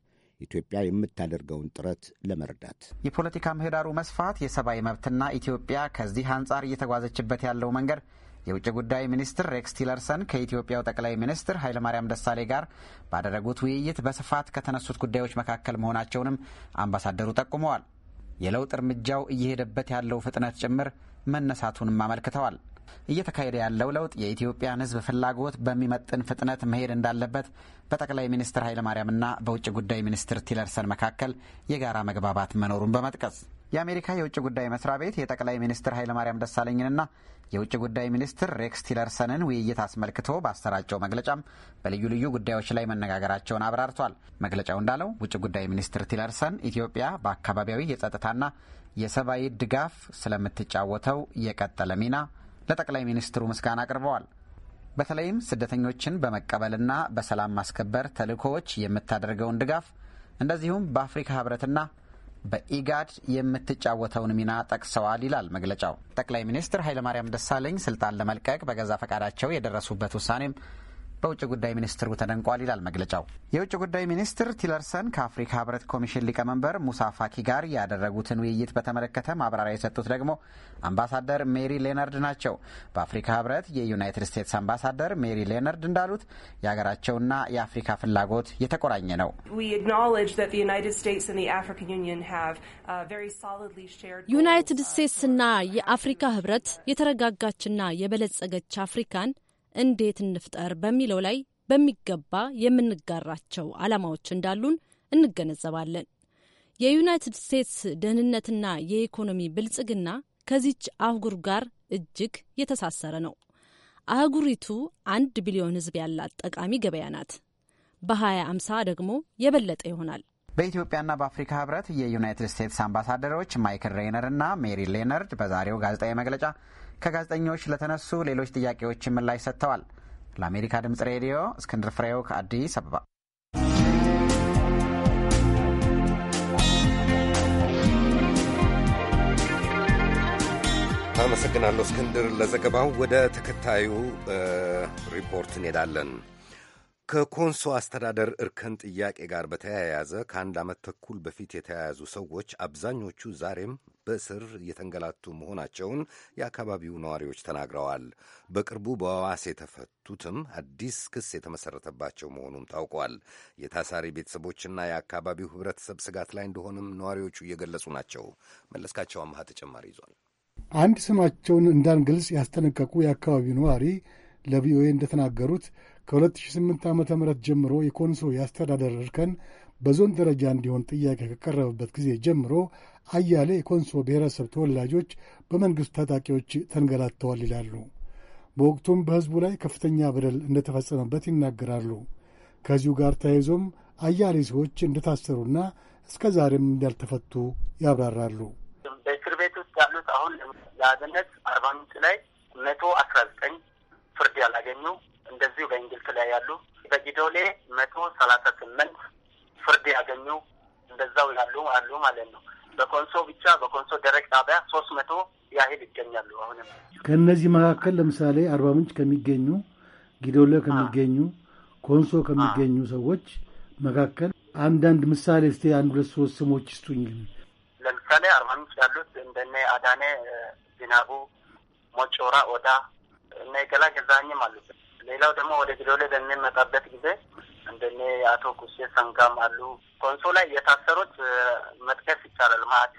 ኢትዮጵያ የምታደርገውን ጥረት ለመርዳት የፖለቲካ ምህዳሩ መስፋት፣ የሰብአዊ መብትና ኢትዮጵያ ከዚህ አንጻር እየተጓዘችበት ያለው መንገድ የውጭ ጉዳይ ሚኒስትር ሬክስ ቲለርሰን ከኢትዮጵያው ጠቅላይ ሚኒስትር ኃይለማርያም ደሳሌ ጋር ባደረጉት ውይይት በስፋት ከተነሱት ጉዳዮች መካከል መሆናቸውንም አምባሳደሩ ጠቁመዋል። የለውጥ እርምጃው እየሄደበት ያለው ፍጥነት ጭምር መነሳቱንም አመልክተዋል። እየተካሄደ ያለው ለውጥ የኢትዮጵያን ሕዝብ ፍላጎት በሚመጥን ፍጥነት መሄድ እንዳለበት በጠቅላይ ሚኒስትር ኃይለማርያምና በውጭ ጉዳይ ሚኒስትር ቲለርሰን መካከል የጋራ መግባባት መኖሩን በመጥቀስ የአሜሪካ የውጭ ጉዳይ መስሪያ ቤት የጠቅላይ ሚኒስትር ኃይለማርያም ደሳለኝንና የውጭ ጉዳይ ሚኒስትር ሬክስ ቲለርሰንን ውይይት አስመልክቶ ባሰራጨው መግለጫም በልዩ ልዩ ጉዳዮች ላይ መነጋገራቸውን አብራርቷል። መግለጫው እንዳለው ውጭ ጉዳይ ሚኒስትር ቲለርሰን ኢትዮጵያ በአካባቢያዊ የጸጥታና የሰብአዊ ድጋፍ ስለምትጫወተው የቀጠለ ሚና ለጠቅላይ ሚኒስትሩ ምስጋና አቅርበዋል። በተለይም ስደተኞችን በመቀበልና በሰላም ማስከበር ተልእኮዎች የምታደርገውን ድጋፍ እንደዚሁም በአፍሪካ ህብረትና በኢጋድ የምትጫወተውን ሚና ጠቅሰዋል ይላል መግለጫው። ጠቅላይ ሚኒስትር ኃይለማርያም ደሳለኝ ስልጣን ለመልቀቅ በገዛ ፈቃዳቸው የደረሱበት ውሳኔም በውጭ ጉዳይ ሚኒስትሩ ተደንቋል ይላል መግለጫው። የውጭ ጉዳይ ሚኒስትር ቲለርሰን ከአፍሪካ ህብረት ኮሚሽን ሊቀመንበር ሙሳ ፋኪ ጋር ያደረጉትን ውይይት በተመለከተ ማብራሪያ የሰጡት ደግሞ አምባሳደር ሜሪ ሌነርድ ናቸው። በአፍሪካ ህብረት የዩናይትድ ስቴትስ አምባሳደር ሜሪ ሌነርድ እንዳሉት የሀገራቸውና የአፍሪካ ፍላጎት የተቆራኘ ነው። uh, ዩናይትድ ስቴትስና የአፍሪካ ህብረት የተረጋጋችና የበለጸገች አፍሪካን እንዴት እንፍጠር በሚለው ላይ በሚገባ የምንጋራቸው ዓላማዎች እንዳሉን እንገነዘባለን። የዩናይትድ ስቴትስ ደህንነትና የኢኮኖሚ ብልጽግና ከዚች አህጉር ጋር እጅግ የተሳሰረ ነው። አህጉሪቱ አንድ ቢሊዮን ሕዝብ ያላት ጠቃሚ ገበያ ናት። በ2050 ደግሞ የበለጠ ይሆናል። በኢትዮጵያና በአፍሪካ ህብረት የዩናይትድ ስቴትስ አምባሳደሮች ማይክል ሬይነር እና ሜሪ ሌነርድ በዛሬው ጋዜጣዊ መግለጫ ከጋዜጠኞች ለተነሱ ሌሎች ጥያቄዎች ምላሽ ሰጥተዋል። ለአሜሪካ ድምጽ ሬዲዮ እስክንድር ፍሬው ከአዲስ አበባ። አመሰግናለሁ እስክንድር ለዘገባው። ወደ ተከታዩ ሪፖርት እንሄዳለን። ከኮንሶ አስተዳደር እርከን ጥያቄ ጋር በተያያዘ ከአንድ ዓመት ተኩል በፊት የተያያዙ ሰዎች አብዛኞቹ ዛሬም በእስር እየተንገላቱ መሆናቸውን የአካባቢው ነዋሪዎች ተናግረዋል። በቅርቡ በዋስ የተፈቱትም አዲስ ክስ የተመሰረተባቸው መሆኑም ታውቋል። የታሳሪ ቤተሰቦችና የአካባቢው ሕብረተሰብ ስጋት ላይ እንደሆነም ነዋሪዎቹ እየገለጹ ናቸው። መለስካቸው አምሃ ተጨማሪ ይዟል። አንድ ስማቸውን እንዳንገልጽ ያስጠነቀቁ የአካባቢው ነዋሪ ለቪኦኤ እንደተናገሩት ከ2008 ዓ ም ጀምሮ የኮንሶ የአስተዳደር እርከን በዞን ደረጃ እንዲሆን ጥያቄ ከቀረበበት ጊዜ ጀምሮ አያሌ የኮንሶ ብሔረሰብ ተወላጆች በመንግሥት ታጣቂዎች ተንገላተዋል ይላሉ። በወቅቱም በሕዝቡ ላይ ከፍተኛ በደል እንደተፈጸመበት ይናገራሉ። ከዚሁ ጋር ተያይዞም አያሌ ሰዎች እንደታሰሩና እስከ ዛሬም እንዳልተፈቱ ያብራራሉ። በእስር ቤት ውስጥ ያሉት አሁን ለአብነት አርባ ምንጭ ላይ መቶ አስራ ዘጠኝ ፍርድ ያላገኙ እንደዚሁ በእንግልት ላይ ያሉ፣ በጊዶሌ መቶ ሰላሳ ስምንት ፍርድ ያገኙ እንደዛው ያሉ አሉ ማለት ነው። በኮንሶ ብቻ በኮንሶ ደረቅ ጣቢያ ሶስት መቶ ያህል ይገኛሉ። አሁንም ከእነዚህ መካከል ለምሳሌ አርባ ምንጭ ከሚገኙ ጊዶለ ከሚገኙ ኮንሶ ከሚገኙ ሰዎች መካከል አንዳንድ ምሳሌ እስቲ አንድ ሁለት ሶስት ስሞች ይስጡኝ። ለምሳሌ አርባ ምንጭ ያሉት እንደነ አዳኔ ዝናቡ፣ ሞጮራ ኦዳ እና የገላ ገዛኝም አሉበት። ሌላው ደግሞ ወደ ጊዶለ በምንመጣበት ጊዜ እንደኔ አቶ ኩሴ ሰንጋም አሉ። ኮንሶ ላይ የታሰሩት መጥቀስ ይቻላል። ማት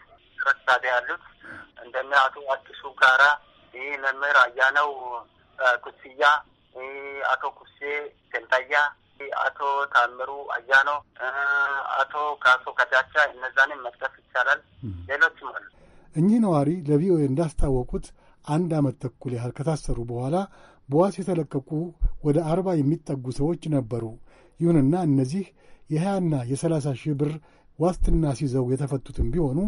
ረሳቢ ያሉት እንደነ አቶ አዲሱ ጋራ ይህ መምህር አያነው ኩስያ፣ አቶ ኩሴ ገንታያ፣ አቶ ታምሩ አያነው፣ አቶ ካሶ ከዳቻ እነዛንም መጥቀስ ይቻላል። ሌሎችም አሉ። እኚህ ነዋሪ ለቪኦኤ እንዳስታወቁት አንድ ዓመት ተኩል ያህል ከታሰሩ በኋላ በዋስ የተለቀቁ ወደ አርባ የሚጠጉ ሰዎች ነበሩ። ይሁንና እነዚህ የሀያና የሰላሳ ሺህ ብር ዋስትና ሲዘው የተፈቱትም ቢሆኑ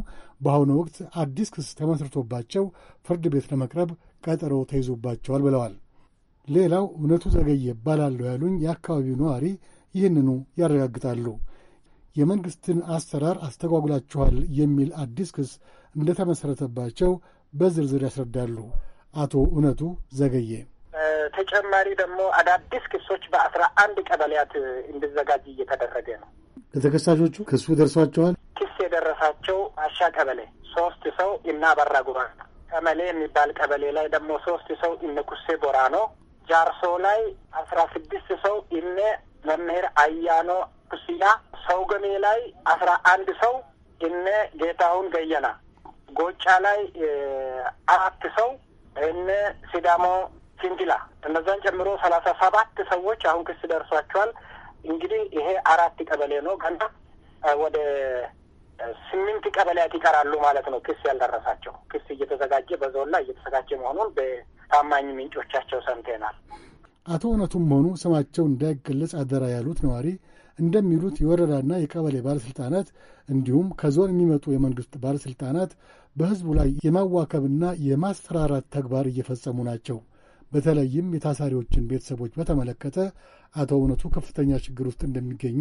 በአሁኑ ወቅት አዲስ ክስ ተመስርቶባቸው ፍርድ ቤት ለመቅረብ ቀጠሮ ተይዞባቸዋል ብለዋል። ሌላው እውነቱ ዘገየ ባላለሁ ያሉኝ የአካባቢው ነዋሪ ይህንኑ ያረጋግጣሉ። የመንግሥትን አሰራር አስተጓጉላችኋል የሚል አዲስ ክስ እንደተመሠረተባቸው በዝርዝር ያስረዳሉ አቶ እውነቱ ዘገየ በተጨማሪ ደግሞ አዳዲስ ክሶች በአስራ አንድ ቀበሌያት እንዲዘጋጅ እየተደረገ ነው። ለተከሳሾቹ ክሱ ደርሷቸዋል። ክስ የደረሳቸው አሻ ቀበሌ ሶስት ሰው እናበራ ጉራ ቀመሌ የሚባል ቀበሌ ላይ ደግሞ ሶስት ሰው እነ ኩሴ ቦራኖ፣ ጃርሶ ላይ አስራ ስድስት ሰው እነ መምህር አያኖ ሰው ገሜ ላይ አስራ አንድ ሰው እነ ጌታሁን ገየና፣ ጎጫ ላይ አራት ሰው እነ ሲዳሞ ሲንዲላ እነዛን ጨምሮ ሰላሳ ሰባት ሰዎች አሁን ክስ ደርሷቸዋል። እንግዲህ ይሄ አራት ቀበሌ ነው። ገና ወደ ስምንት ቀበሌያት ይቀራሉ ማለት ነው ክስ ያልደረሳቸው። ክስ እየተዘጋጀ በዞን ላይ እየተዘጋጀ መሆኑን በታማኝ ምንጮቻቸው ሰምተናል። አቶ እውነቱም ሆኑ ስማቸው እንዳይገለጽ አደራ ያሉት ነዋሪ እንደሚሉት የወረዳና የቀበሌ ባለሥልጣናት እንዲሁም ከዞን የሚመጡ የመንግሥት ባለሥልጣናት በሕዝቡ ላይ የማዋከብና የማስፈራራት ተግባር እየፈጸሙ ናቸው። በተለይም የታሳሪዎችን ቤተሰቦች በተመለከተ አቶ እውነቱ ከፍተኛ ችግር ውስጥ እንደሚገኙ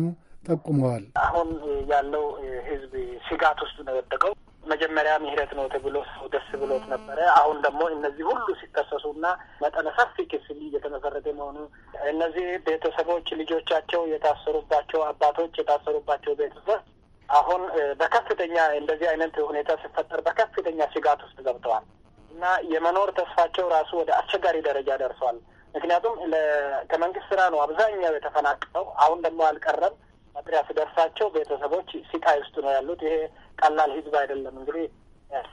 ጠቁመዋል። አሁን ያለው ሕዝብ ስጋት ውስጥ ነው የወደቀው። መጀመሪያ ምህረት ነው ተብሎ ሰው ደስ ብሎት ነበረ። አሁን ደግሞ እነዚህ ሁሉ ሲከሰሱና መጠነ ሰፊ ክስ እየተመሰረተ መሆኑ እነዚህ ቤተሰቦች ልጆቻቸው የታሰሩባቸው አባቶች የታሰሩባቸው ቤተሰብ አሁን በከፍተኛ እንደዚህ አይነት ሁኔታ ሲፈጠር በከፍተኛ ስጋት ውስጥ ገብተዋል። እና የመኖር ተስፋቸው ራሱ ወደ አስቸጋሪ ደረጃ ደርሷል። ምክንያቱም ከመንግስት ስራ ነው አብዛኛው የተፈናቀለው። አሁን ደግሞ አልቀረም መጥሪያ ሲደርሳቸው ቤተሰቦች ሲቃይ ውስጥ ነው ያሉት። ይሄ ቀላል ህዝብ አይደለም። እንግዲህ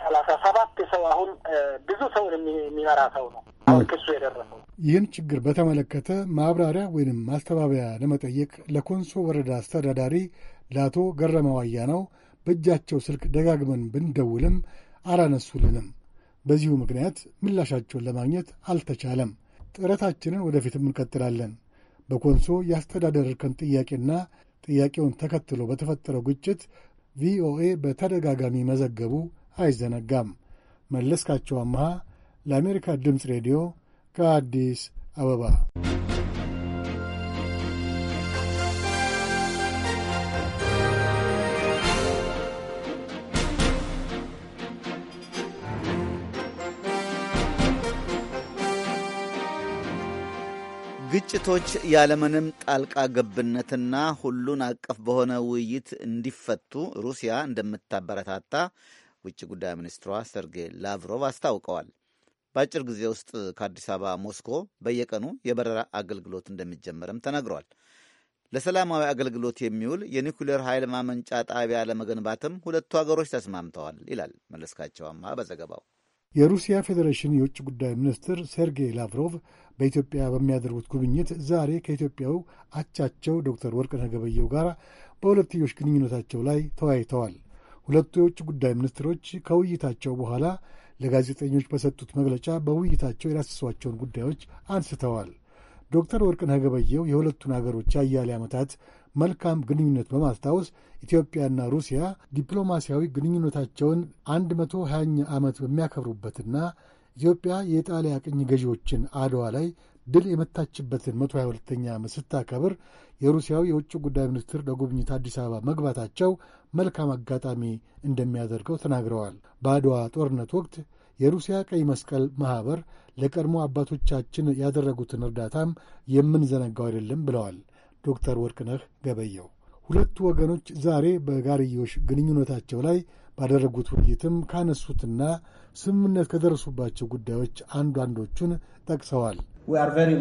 ሰላሳ ሰባት ሰው አሁን ብዙ ሰውን የሚመራ ሰው ነው አሁን ክሱ የደረሰው። ይህን ችግር በተመለከተ ማብራሪያ ወይንም ማስተባበያ ለመጠየቅ ለኮንሶ ወረዳ አስተዳዳሪ ለአቶ ገረመ ዋያ ነው በእጃቸው ስልክ ደጋግመን ብንደውልም አላነሱልንም። በዚሁ ምክንያት ምላሻቸውን ለማግኘት አልተቻለም። ጥረታችንን ወደፊትም እንቀጥላለን። በኮንሶ የአስተዳደር እርከን ጥያቄና ጥያቄውን ተከትሎ በተፈጠረው ግጭት ቪኦኤ በተደጋጋሚ መዘገቡ አይዘነጋም። መለስካቸው አመሃ ለአሜሪካ ድምፅ ሬዲዮ ከአዲስ አበባ ግጭቶች ያለምንም ጣልቃ ገብነትና ሁሉን አቀፍ በሆነ ውይይት እንዲፈቱ ሩሲያ እንደምታበረታታ ውጭ ጉዳይ ሚኒስትሯ ሰርጌይ ላቭሮቭ አስታውቀዋል። በአጭር ጊዜ ውስጥ ከአዲስ አበባ ሞስኮ በየቀኑ የበረራ አገልግሎት እንደሚጀመርም ተነግሯል። ለሰላማዊ አገልግሎት የሚውል የኒኩሌር ኃይል ማመንጫ ጣቢያ ለመገንባትም ሁለቱ ሀገሮች ተስማምተዋል ይላል መለስካቸው አማ በዘገባው። የሩሲያ ፌዴሬሽን የውጭ ጉዳይ ሚኒስትር ሴርጌይ ላቭሮቭ በኢትዮጵያ በሚያደርጉት ጉብኝት ዛሬ ከኢትዮጵያው አቻቸው ዶክተር ወርቅነህ ገበየሁ ጋር በሁለትዮሽ ግንኙነታቸው ላይ ተወያይተዋል። ሁለቱ የውጭ ጉዳይ ሚኒስትሮች ከውይይታቸው በኋላ ለጋዜጠኞች በሰጡት መግለጫ በውይይታቸው የዳሰሷቸውን ጉዳዮች አንስተዋል። ዶክተር ወርቅነህ ገበየሁ የሁለቱን አገሮች አያሌ ዓመታት መልካም ግንኙነት በማስታወስ ኢትዮጵያና ሩሲያ ዲፕሎማሲያዊ ግንኙነታቸውን 120ኛ ዓመት በሚያከብሩበትና ኢትዮጵያ የጣሊያ ቅኝ ገዢዎችን አድዋ ላይ ድል የመታችበትን 122ኛ ዓመት ስታከብር የሩሲያው የውጭ ጉዳይ ሚኒስትር ለጉብኝት አዲስ አበባ መግባታቸው መልካም አጋጣሚ እንደሚያደርገው ተናግረዋል። በአድዋ ጦርነት ወቅት የሩሲያ ቀይ መስቀል ማኅበር ለቀድሞ አባቶቻችን ያደረጉትን እርዳታም የምንዘነጋው አይደለም ብለዋል። ዶክተር ወርቅነህ ገበየው። ሁለቱ ወገኖች ዛሬ በጋርዮሽ ግንኙነታቸው ላይ ባደረጉት ውይይትም ካነሱትና ስምምነት ከደረሱባቸው ጉዳዮች አንዱ አንዶቹን ጠቅሰዋል። ፌዴሬሽን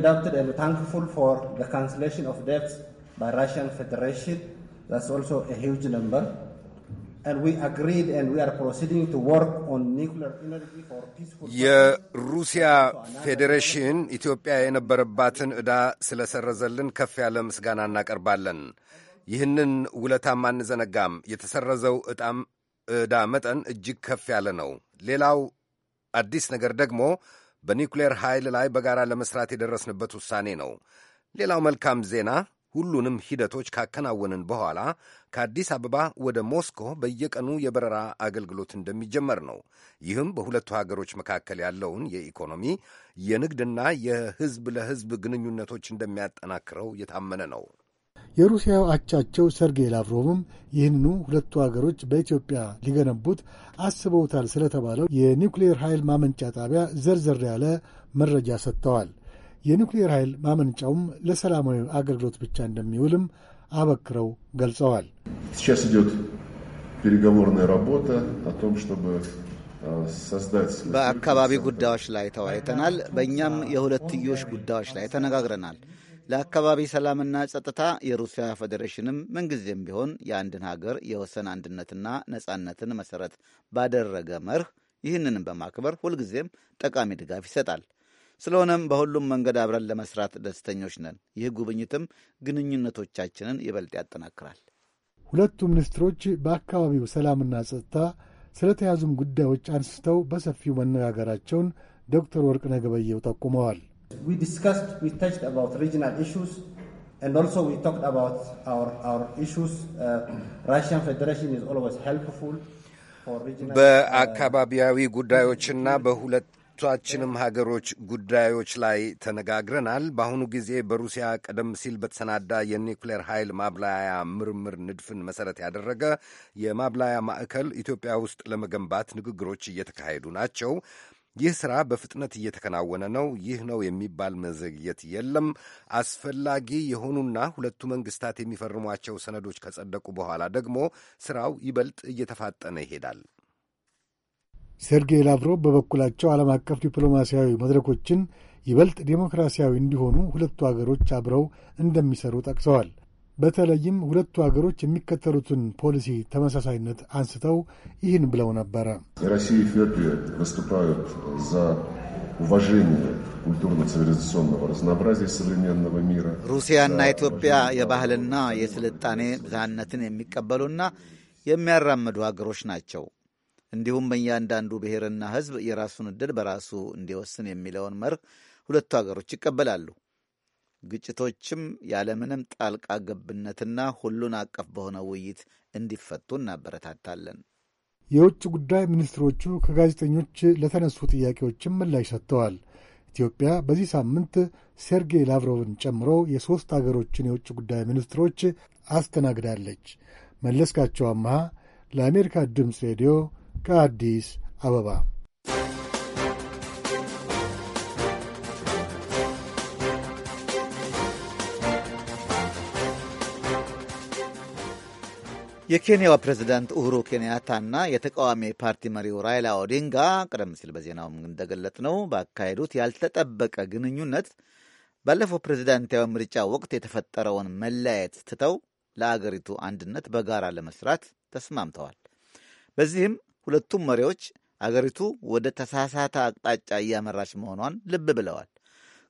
የሩሲያ ፌዴሬሽን ኢትዮጵያ የነበረባትን ዕዳ ስለሰረዘልን ከፍ ያለ ምስጋና እናቀርባለን። ይህንን ውለታም አንዘነጋም። የተሰረዘው ዕጣም ዕዳ መጠን እጅግ ከፍ ያለ ነው። ሌላው አዲስ ነገር ደግሞ በኒውክሌር ኃይል ላይ በጋራ ለመስራት የደረስንበት ውሳኔ ነው። ሌላው መልካም ዜና ሁሉንም ሂደቶች ካከናወንን በኋላ ከአዲስ አበባ ወደ ሞስኮ በየቀኑ የበረራ አገልግሎት እንደሚጀመር ነው። ይህም በሁለቱ ሀገሮች መካከል ያለውን የኢኮኖሚ የንግድና የሕዝብ ለሕዝብ ግንኙነቶች እንደሚያጠናክረው የታመነ ነው። የሩሲያው አቻቸው ሰርጌይ ላቭሮቭም ይህንኑ ሁለቱ ሀገሮች በኢትዮጵያ ሊገነቡት አስበውታል ስለተባለው የኒውክሌር ኃይል ማመንጫ ጣቢያ ዘርዘር ያለ መረጃ ሰጥተዋል። የኒውክሌር ኃይል ማመንጫውም ለሰላማዊ አገልግሎት ብቻ እንደሚውልም አበክረው ገልጸዋል። э, በአካባቢ ጉዳዮች ላይ ተወያይተናል። በእኛም የሁለትዮሽ ጉዳዮች ላይ ተነጋግረናል። ለአካባቢ ሰላምና ጸጥታ የሩሲያ ፌዴሬሽንም ምንጊዜም ቢሆን የአንድን ሀገር የወሰን አንድነትና ነጻነትን መሰረት ባደረገ መርህ ይህንንም በማክበር ሁልጊዜም ጠቃሚ ድጋፍ ይሰጣል። ስለሆነም በሁሉም መንገድ አብረን ለመስራት ደስተኞች ነን። ይህ ጉብኝትም ግንኙነቶቻችንን ይበልጥ ያጠናክራል። ሁለቱ ሚኒስትሮች በአካባቢው ሰላምና ጸጥታ ስለተያዙም ጉዳዮች አንስተው በሰፊው መነጋገራቸውን ዶክተር ወርቅነህ ገበየሁ ጠቁመዋል። uh, uh, በአካባቢያዊ ጉዳዮችና በሁለት ሁለታችንም ሀገሮች ጉዳዮች ላይ ተነጋግረናል። በአሁኑ ጊዜ በሩሲያ ቀደም ሲል በተሰናዳ የኒውክሌር ኃይል ማብላያ ምርምር ንድፍን መሰረት ያደረገ የማብላያ ማዕከል ኢትዮጵያ ውስጥ ለመገንባት ንግግሮች እየተካሄዱ ናቸው። ይህ ስራ በፍጥነት እየተከናወነ ነው። ይህ ነው የሚባል መዘግየት የለም። አስፈላጊ የሆኑና ሁለቱ መንግስታት የሚፈርሟቸው ሰነዶች ከጸደቁ በኋላ ደግሞ ስራው ይበልጥ እየተፋጠነ ይሄዳል። ሴርጌይ ላቭሮቭ በበኩላቸው ዓለም አቀፍ ዲፕሎማሲያዊ መድረኮችን ይበልጥ ዴሞክራሲያዊ እንዲሆኑ ሁለቱ አገሮች አብረው እንደሚሰሩ ጠቅሰዋል። በተለይም ሁለቱ ሀገሮች የሚከተሉትን ፖሊሲ ተመሳሳይነት አንስተው ይህን ብለው ነበረ። ሩሲያና ኢትዮጵያ የባህልና የስልጣኔ ብዝሃነትን የሚቀበሉና የሚያራምዱ አገሮች ናቸው። እንዲሁም በእያንዳንዱ ብሔርና ሕዝብ የራሱን ዕድል በራሱ እንዲወስን የሚለውን መርህ ሁለቱ ሀገሮች ይቀበላሉ። ግጭቶችም ያለምንም ጣልቃ ገብነትና ሁሉን አቀፍ በሆነ ውይይት እንዲፈቱ እናበረታታለን። የውጭ ጉዳይ ሚኒስትሮቹ ከጋዜጠኞች ለተነሱ ጥያቄዎችም ምላሽ ሰጥተዋል። ኢትዮጵያ በዚህ ሳምንት ሴርጌይ ላቭሮቭን ጨምሮ የሦስት አገሮችን የውጭ ጉዳይ ሚኒስትሮች አስተናግዳለች። መለስካቸው አመሃ ለአሜሪካ ድምፅ ሬዲዮ ከአዲስ አበባ የኬንያው ፕሬዚዳንት ኡሁሩ ኬንያታና የተቃዋሚ ፓርቲ መሪው ራይላ ኦዲንጋ ቀደም ሲል በዜናውም ነው ባካሄዱት ያልተጠበቀ ግንኙነት ባለፈው ፕሬዚዳንታዊ ምርጫ ወቅት የተፈጠረውን መለያየት ትተው ለአገሪቱ አንድነት በጋራ ለመስራት ተስማምተዋል። በዚህም ሁለቱም መሪዎች አገሪቱ ወደ ተሳሳተ አቅጣጫ እያመራች መሆኗን ልብ ብለዋል።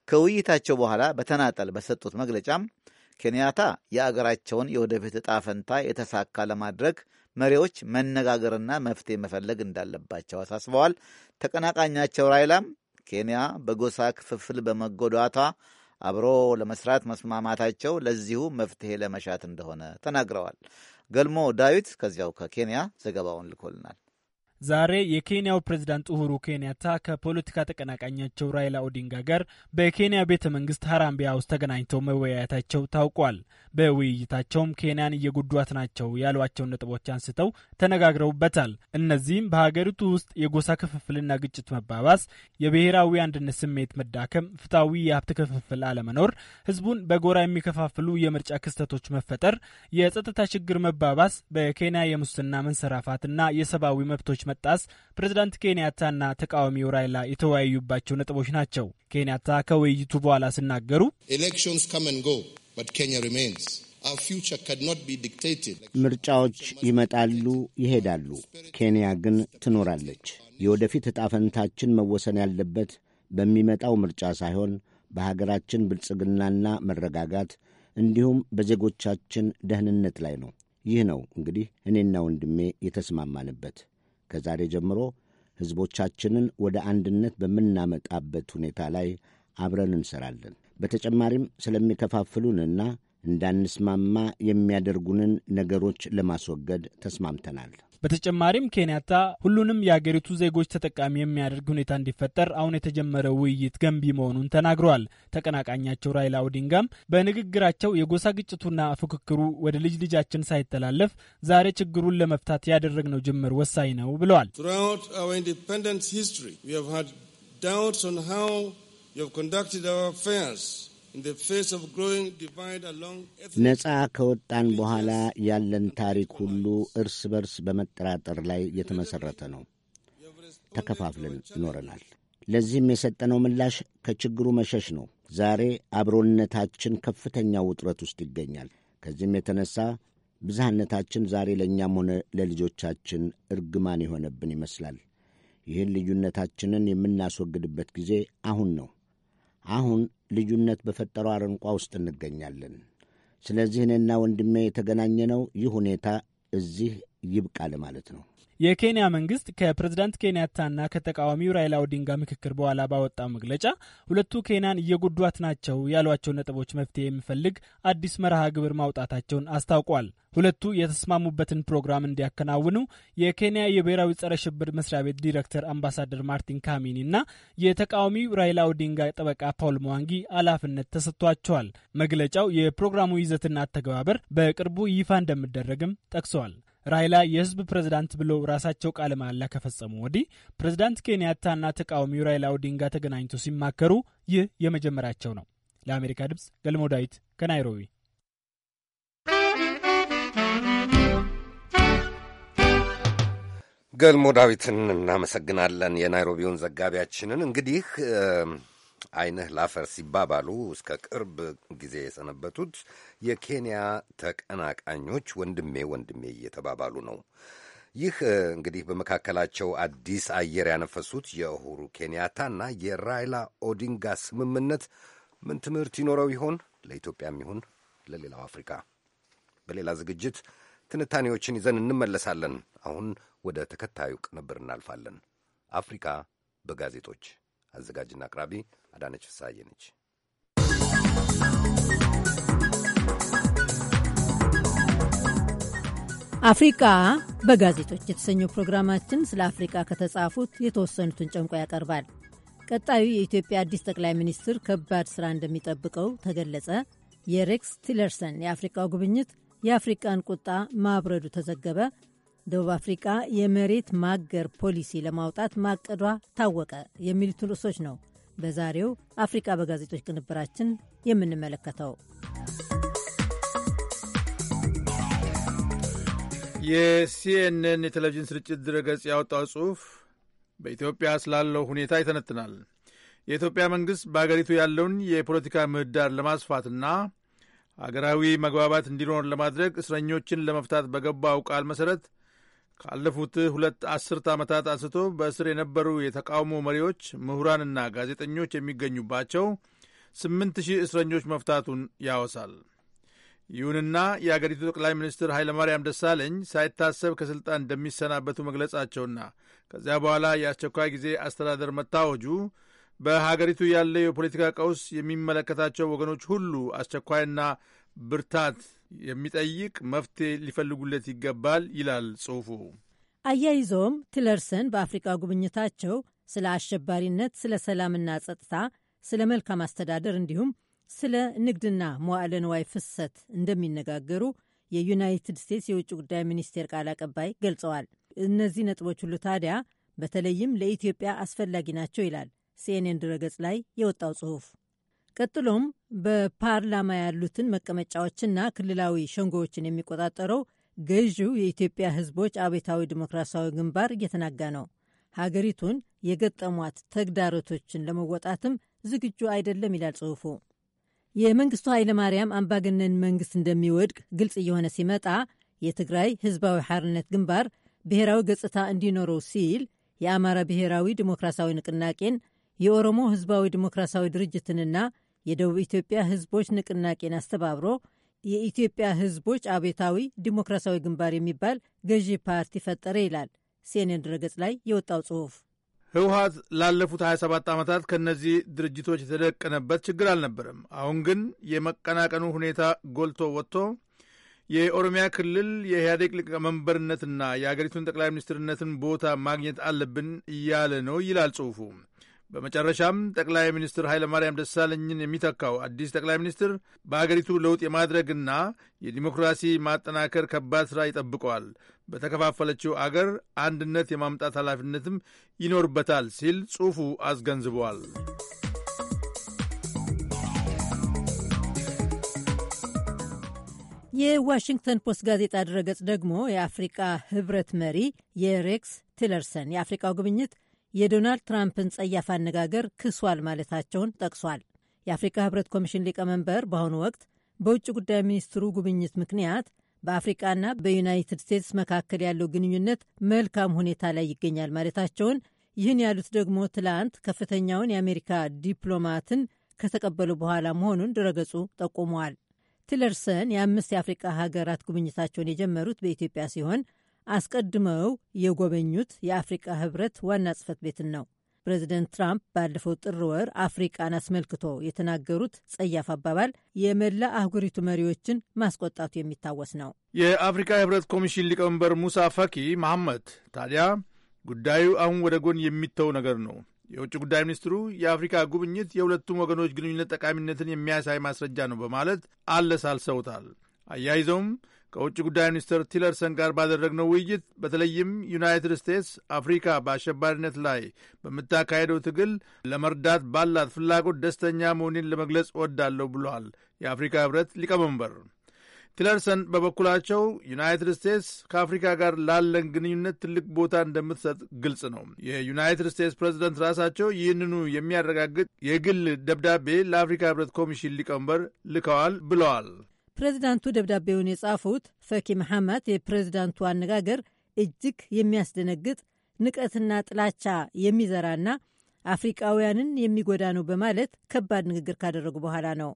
ከውይይታቸው በኋላ በተናጠል በሰጡት መግለጫም ኬንያታ የአገራቸውን የወደፊት ጣፈንታ ፈንታ የተሳካ ለማድረግ መሪዎች መነጋገርና መፍትሄ መፈለግ እንዳለባቸው አሳስበዋል። ተቀናቃኛቸው ራይላም ኬንያ በጎሳ ክፍፍል በመጎዳቷ አብሮ ለመስራት መስማማታቸው ለዚሁ መፍትሄ ለመሻት እንደሆነ ተናግረዋል። ገልሞ ዳዊት ከዚያው ከኬንያ ዘገባውን ልኮልናል። ዛሬ የኬንያው ፕሬዝዳንት ኡሁሩ ኬንያታ ከፖለቲካ ተቀናቃኛቸው ራይላ ኦዲንጋ ጋር በኬንያ ቤተ መንግስት ሀራምቢያ ውስጥ ተገናኝተው መወያየታቸው ታውቋል። በውይይታቸውም ኬንያን እየጎዷት ናቸው ያሏቸውን ነጥቦች አንስተው ተነጋግረውበታል። እነዚህም በሀገሪቱ ውስጥ የጎሳ ክፍፍልና ግጭት መባባስ፣ የብሔራዊ አንድነት ስሜት መዳከም፣ ፍትሐዊ የሀብት ክፍፍል አለመኖር፣ ህዝቡን በጎራ የሚከፋፍሉ የምርጫ ክስተቶች መፈጠር፣ የጸጥታ ችግር መባባስ፣ በኬንያ የሙስና መንሰራፋትና የሰብአዊ መብቶች መጣስ ፕሬዝዳንት ኬንያታና ተቃዋሚው ራይላ የተወያዩባቸው ነጥቦች ናቸው። ኬንያታ ከውይይቱ በኋላ ሲናገሩ ምርጫዎች ይመጣሉ፣ ይሄዳሉ፣ ኬንያ ግን ትኖራለች። የወደፊት ዕጣ ፈንታችን መወሰን ያለበት በሚመጣው ምርጫ ሳይሆን በሀገራችን ብልጽግናና መረጋጋት እንዲሁም በዜጎቻችን ደህንነት ላይ ነው። ይህ ነው እንግዲህ እኔና ወንድሜ የተስማማንበት። ከዛሬ ጀምሮ ሕዝቦቻችንን ወደ አንድነት በምናመጣበት ሁኔታ ላይ አብረን እንሰራለን። በተጨማሪም ስለሚከፋፍሉንና እንዳንስማማ የሚያደርጉንን ነገሮች ለማስወገድ ተስማምተናል። በተጨማሪም ኬንያታ ሁሉንም የአገሪቱ ዜጎች ተጠቃሚ የሚያደርግ ሁኔታ እንዲፈጠር አሁን የተጀመረው ውይይት ገንቢ መሆኑን ተናግረዋል። ተቀናቃኛቸው ራይላ ኦዲንጋም በንግግራቸው የጎሳ ግጭቱና ፉክክሩ ወደ ልጅ ልጃችን ሳይተላለፍ ዛሬ ችግሩን ለመፍታት ያደረግነው ጅምር ወሳኝ ነው ብለዋል። ነፃ ከወጣን በኋላ ያለን ታሪክ ሁሉ እርስ በርስ በመጠራጠር ላይ የተመሠረተ ነው። ተከፋፍለን ኖረናል። ለዚህም የሰጠነው ምላሽ ከችግሩ መሸሽ ነው። ዛሬ አብሮነታችን ከፍተኛ ውጥረት ውስጥ ይገኛል። ከዚህም የተነሳ ብዝሃነታችን ዛሬ ለእኛም ሆነ ለልጆቻችን እርግማን የሆነብን ይመስላል። ይህን ልዩነታችንን የምናስወግድበት ጊዜ አሁን ነው። አሁን ልዩነት በፈጠረው አረንቋ ውስጥ እንገኛለን። ስለዚህ እኔና ወንድሜ የተገናኘነው ይህ ሁኔታ እዚህ ይብቃል ማለት ነው። የኬንያ መንግስት ከፕሬዝዳንት ኬንያታና ከተቃዋሚው ራይላ ኦዲንጋ ምክክር በኋላ ባወጣው መግለጫ ሁለቱ ኬንያን እየጎዷት ናቸው ያሏቸው ነጥቦች መፍትሄ የሚፈልግ አዲስ መርሃ ግብር ማውጣታቸውን አስታውቋል። ሁለቱ የተስማሙበትን ፕሮግራም እንዲያከናውኑ የኬንያ የብሔራዊ ጸረ ሽብር መስሪያ ቤት ዲሬክተር አምባሳደር ማርቲን ካሚኒ እና የተቃዋሚው ራይላ ኦዲንጋ ጠበቃ ፓውል መዋንጊ ኃላፊነት ተሰጥቷቸዋል። መግለጫው የፕሮግራሙ ይዘትና አተገባበር በቅርቡ ይፋ እንደሚደረግም ጠቅሰዋል። ራይላ የህዝብ ፕሬዝዳንት ብለው ራሳቸው ቃለ መሐላ ከፈጸሙ ወዲህ ፕሬዝዳንት ኬንያታና ተቃዋሚው ራይላ ኦዲንጋ ተገናኝቶ ሲማከሩ ይህ የመጀመሪያቸው ነው። ለአሜሪካ ድምፅ ገልሞ ዳዊት ከናይሮቢ። ገልሞ ዳዊትን እናመሰግናለን፣ የናይሮቢውን ዘጋቢያችንን። እንግዲህ አይነህ ላፈር ሲባባሉ እስከ ቅርብ ጊዜ የሰነበቱት የኬንያ ተቀናቃኞች ወንድሜ ወንድሜ እየተባባሉ ነው። ይህ እንግዲህ በመካከላቸው አዲስ አየር ያነፈሱት ኬንያታ ኬንያታና የራይላ ኦዲንጋ ስምምነት ምን ትምህርት ይኖረው ይሆን? ለኢትዮጵያም ይሁን ለሌላው አፍሪካ በሌላ ዝግጅት ትንታኔዎችን ይዘን እንመለሳለን። አሁን ወደ ተከታዩ ቅንብር እናልፋለን። አፍሪካ በጋዜጦች አዘጋጅና አቅራቢ አዳነች ፍሳዬ ነች። አፍሪቃ በጋዜጦች የተሰኘው ፕሮግራማችን ስለ አፍሪቃ ከተጻፉት የተወሰኑትን ጨምቆ ያቀርባል። ቀጣዩ የኢትዮጵያ አዲስ ጠቅላይ ሚኒስትር ከባድ ስራ እንደሚጠብቀው ተገለጸ፣ የሬክስ ቲለርሰን የአፍሪቃው ጉብኝት የአፍሪቃን ቁጣ ማብረዱ ተዘገበ፣ ደቡብ አፍሪቃ የመሬት ማገር ፖሊሲ ለማውጣት ማቀዷ ታወቀ የሚሉትን ርዕሶች ነው በዛሬው አፍሪቃ በጋዜጦች ቅንብራችን የምንመለከተው። የሲኤንኤን የቴሌቪዥን ስርጭት ድረገጽ ያወጣው ጽሑፍ በኢትዮጵያ ስላለው ሁኔታ ይተነትናል። የኢትዮጵያ መንግሥት በአገሪቱ ያለውን የፖለቲካ ምህዳር ለማስፋትና አገራዊ መግባባት እንዲኖር ለማድረግ እስረኞችን ለመፍታት በገባው ቃል መሠረት ካለፉት ሁለት አስርት ዓመታት አንስቶ በእስር የነበሩ የተቃውሞ መሪዎች፣ ምሁራንና ጋዜጠኞች የሚገኙባቸው ስምንት ሺህ እስረኞች መፍታቱን ያወሳል። ይሁንና የአገሪቱ ጠቅላይ ሚኒስትር ኃይለማርያም ደሳለኝ ሳይታሰብ ከሥልጣን እንደሚሰናበቱ መግለጻቸውና ከዚያ በኋላ የአስቸኳይ ጊዜ አስተዳደር መታወጁ በሀገሪቱ ያለው የፖለቲካ ቀውስ የሚመለከታቸው ወገኖች ሁሉ አስቸኳይና ብርታት የሚጠይቅ መፍትሄ ሊፈልጉለት ይገባል ይላል ጽሑፉ። አያይዘውም ቲለርሰን በአፍሪቃ ጉብኝታቸው ስለ አሸባሪነት፣ ስለ ሰላምና ጸጥታ፣ ስለ መልካም አስተዳደር እንዲሁም ስለ ንግድና መዋዕለ ንዋይ ፍሰት እንደሚነጋገሩ የዩናይትድ ስቴትስ የውጭ ጉዳይ ሚኒስቴር ቃል አቀባይ ገልጸዋል። እነዚህ ነጥቦች ሁሉ ታዲያ በተለይም ለኢትዮጵያ አስፈላጊ ናቸው ይላል ሲኤንኤን ድረገጽ ላይ የወጣው ጽሑፍ። ቀጥሎም በፓርላማ ያሉትን መቀመጫዎችና ክልላዊ ሸንጎዎችን የሚቆጣጠረው ገዢው የኢትዮጵያ ሕዝቦች አብዮታዊ ዲሞክራሲያዊ ግንባር እየተናጋ ነው። ሀገሪቱን የገጠሟት ተግዳሮቶችን ለመወጣትም ዝግጁ አይደለም ይላል ጽሑፉ። የመንግስቱ ኃይለማርያም አምባገነን መንግስት እንደሚወድቅ ግልጽ እየሆነ ሲመጣ የትግራይ ህዝባዊ ሐርነት ግንባር ብሔራዊ ገጽታ እንዲኖረው ሲል የአማራ ብሔራዊ ዲሞክራሲያዊ ንቅናቄን፣ የኦሮሞ ህዝባዊ ዲሞክራሲያዊ ድርጅትንና የደቡብ ኢትዮጵያ ህዝቦች ንቅናቄን አስተባብሮ የኢትዮጵያ ህዝቦች አብዮታዊ ዲሞክራሲያዊ ግንባር የሚባል ገዢ ፓርቲ ፈጠረ ይላል ሲኤንኤን ድረገጽ ላይ የወጣው ጽሑፍ። ህወሀት ላለፉት 27 ዓመታት ከእነዚህ ድርጅቶች የተደቀነበት ችግር አልነበረም። አሁን ግን የመቀናቀኑ ሁኔታ ጎልቶ ወጥቶ የኦሮሚያ ክልል የኢህአዴግ ሊቀመንበርነትና የአገሪቱን ጠቅላይ ሚኒስትርነትን ቦታ ማግኘት አለብን እያለ ነው ይላል ጽሑፉ። በመጨረሻም ጠቅላይ ሚኒስትር ኃይለማርያም ደሳለኝን የሚተካው አዲስ ጠቅላይ ሚኒስትር በአገሪቱ ለውጥ የማድረግና የዲሞክራሲ ማጠናከር ከባድ ሥራ ይጠብቀዋል። በተከፋፈለችው አገር አንድነት የማምጣት ኃላፊነትም ይኖርበታል ሲል ጽሑፉ አስገንዝቧል። የዋሽንግተን ፖስት ጋዜጣ ድረገጽ ደግሞ የአፍሪቃ ህብረት መሪ የሬክስ ቲለርሰን የአፍሪቃው ጉብኝት የዶናልድ ትራምፕን ጸያፍ አነጋገር ክሷል ማለታቸውን ጠቅሷል። የአፍሪካ ህብረት ኮሚሽን ሊቀመንበር በአሁኑ ወቅት በውጭ ጉዳይ ሚኒስትሩ ጉብኝት ምክንያት በአፍሪቃና በዩናይትድ ስቴትስ መካከል ያለው ግንኙነት መልካም ሁኔታ ላይ ይገኛል ማለታቸውን ይህን ያሉት ደግሞ ትላንት ከፍተኛውን የአሜሪካ ዲፕሎማትን ከተቀበሉ በኋላ መሆኑን ድረገጹ ጠቁመዋል። ቲለርሰን የአምስት የአፍሪቃ ሀገራት ጉብኝታቸውን የጀመሩት በኢትዮጵያ ሲሆን አስቀድመው የጎበኙት የአፍሪቃ ህብረት ዋና ጽህፈት ቤትን ነው። ፕሬዚደንት ትራምፕ ባለፈው ጥር ወር አፍሪቃን አስመልክቶ የተናገሩት ጸያፍ አባባል የመላ አህጉሪቱ መሪዎችን ማስቆጣቱ የሚታወስ ነው። የአፍሪካ ህብረት ኮሚሽን ሊቀመንበር ሙሳ ፈኪ መሐመድ ታዲያ ጉዳዩ አሁን ወደ ጎን የሚተው ነገር ነው። የውጭ ጉዳይ ሚኒስትሩ የአፍሪካ ጉብኝት የሁለቱም ወገኖች ግንኙነት ጠቃሚነትን የሚያሳይ ማስረጃ ነው በማለት አለሳልሰውታል። አያይዘውም ከውጭ ጉዳይ ሚኒስትር ቲለርሰን ጋር ባደረግነው ውይይት በተለይም ዩናይትድ ስቴትስ አፍሪካ በአሸባሪነት ላይ በምታካሄደው ትግል ለመርዳት ባላት ፍላጎት ደስተኛ መሆኔን ለመግለጽ እወዳለሁ ብለዋል የአፍሪካ ህብረት ሊቀመንበር። ቲለርሰን በበኩላቸው ዩናይትድ ስቴትስ ከአፍሪካ ጋር ላለን ግንኙነት ትልቅ ቦታ እንደምትሰጥ ግልጽ ነው። የዩናይትድ ስቴትስ ፕሬዝደንት ራሳቸው ይህንኑ የሚያረጋግጥ የግል ደብዳቤ ለአፍሪካ ህብረት ኮሚሽን ሊቀመንበር ልከዋል ብለዋል። ፕሬዚዳንቱ ደብዳቤውን የጻፉት ፈኪ መሐመድ የፕሬዚዳንቱ አነጋገር እጅግ የሚያስደነግጥ ንቀትና ጥላቻ የሚዘራና አፍሪቃውያንን የሚጎዳ ነው በማለት ከባድ ንግግር ካደረጉ በኋላ ነው።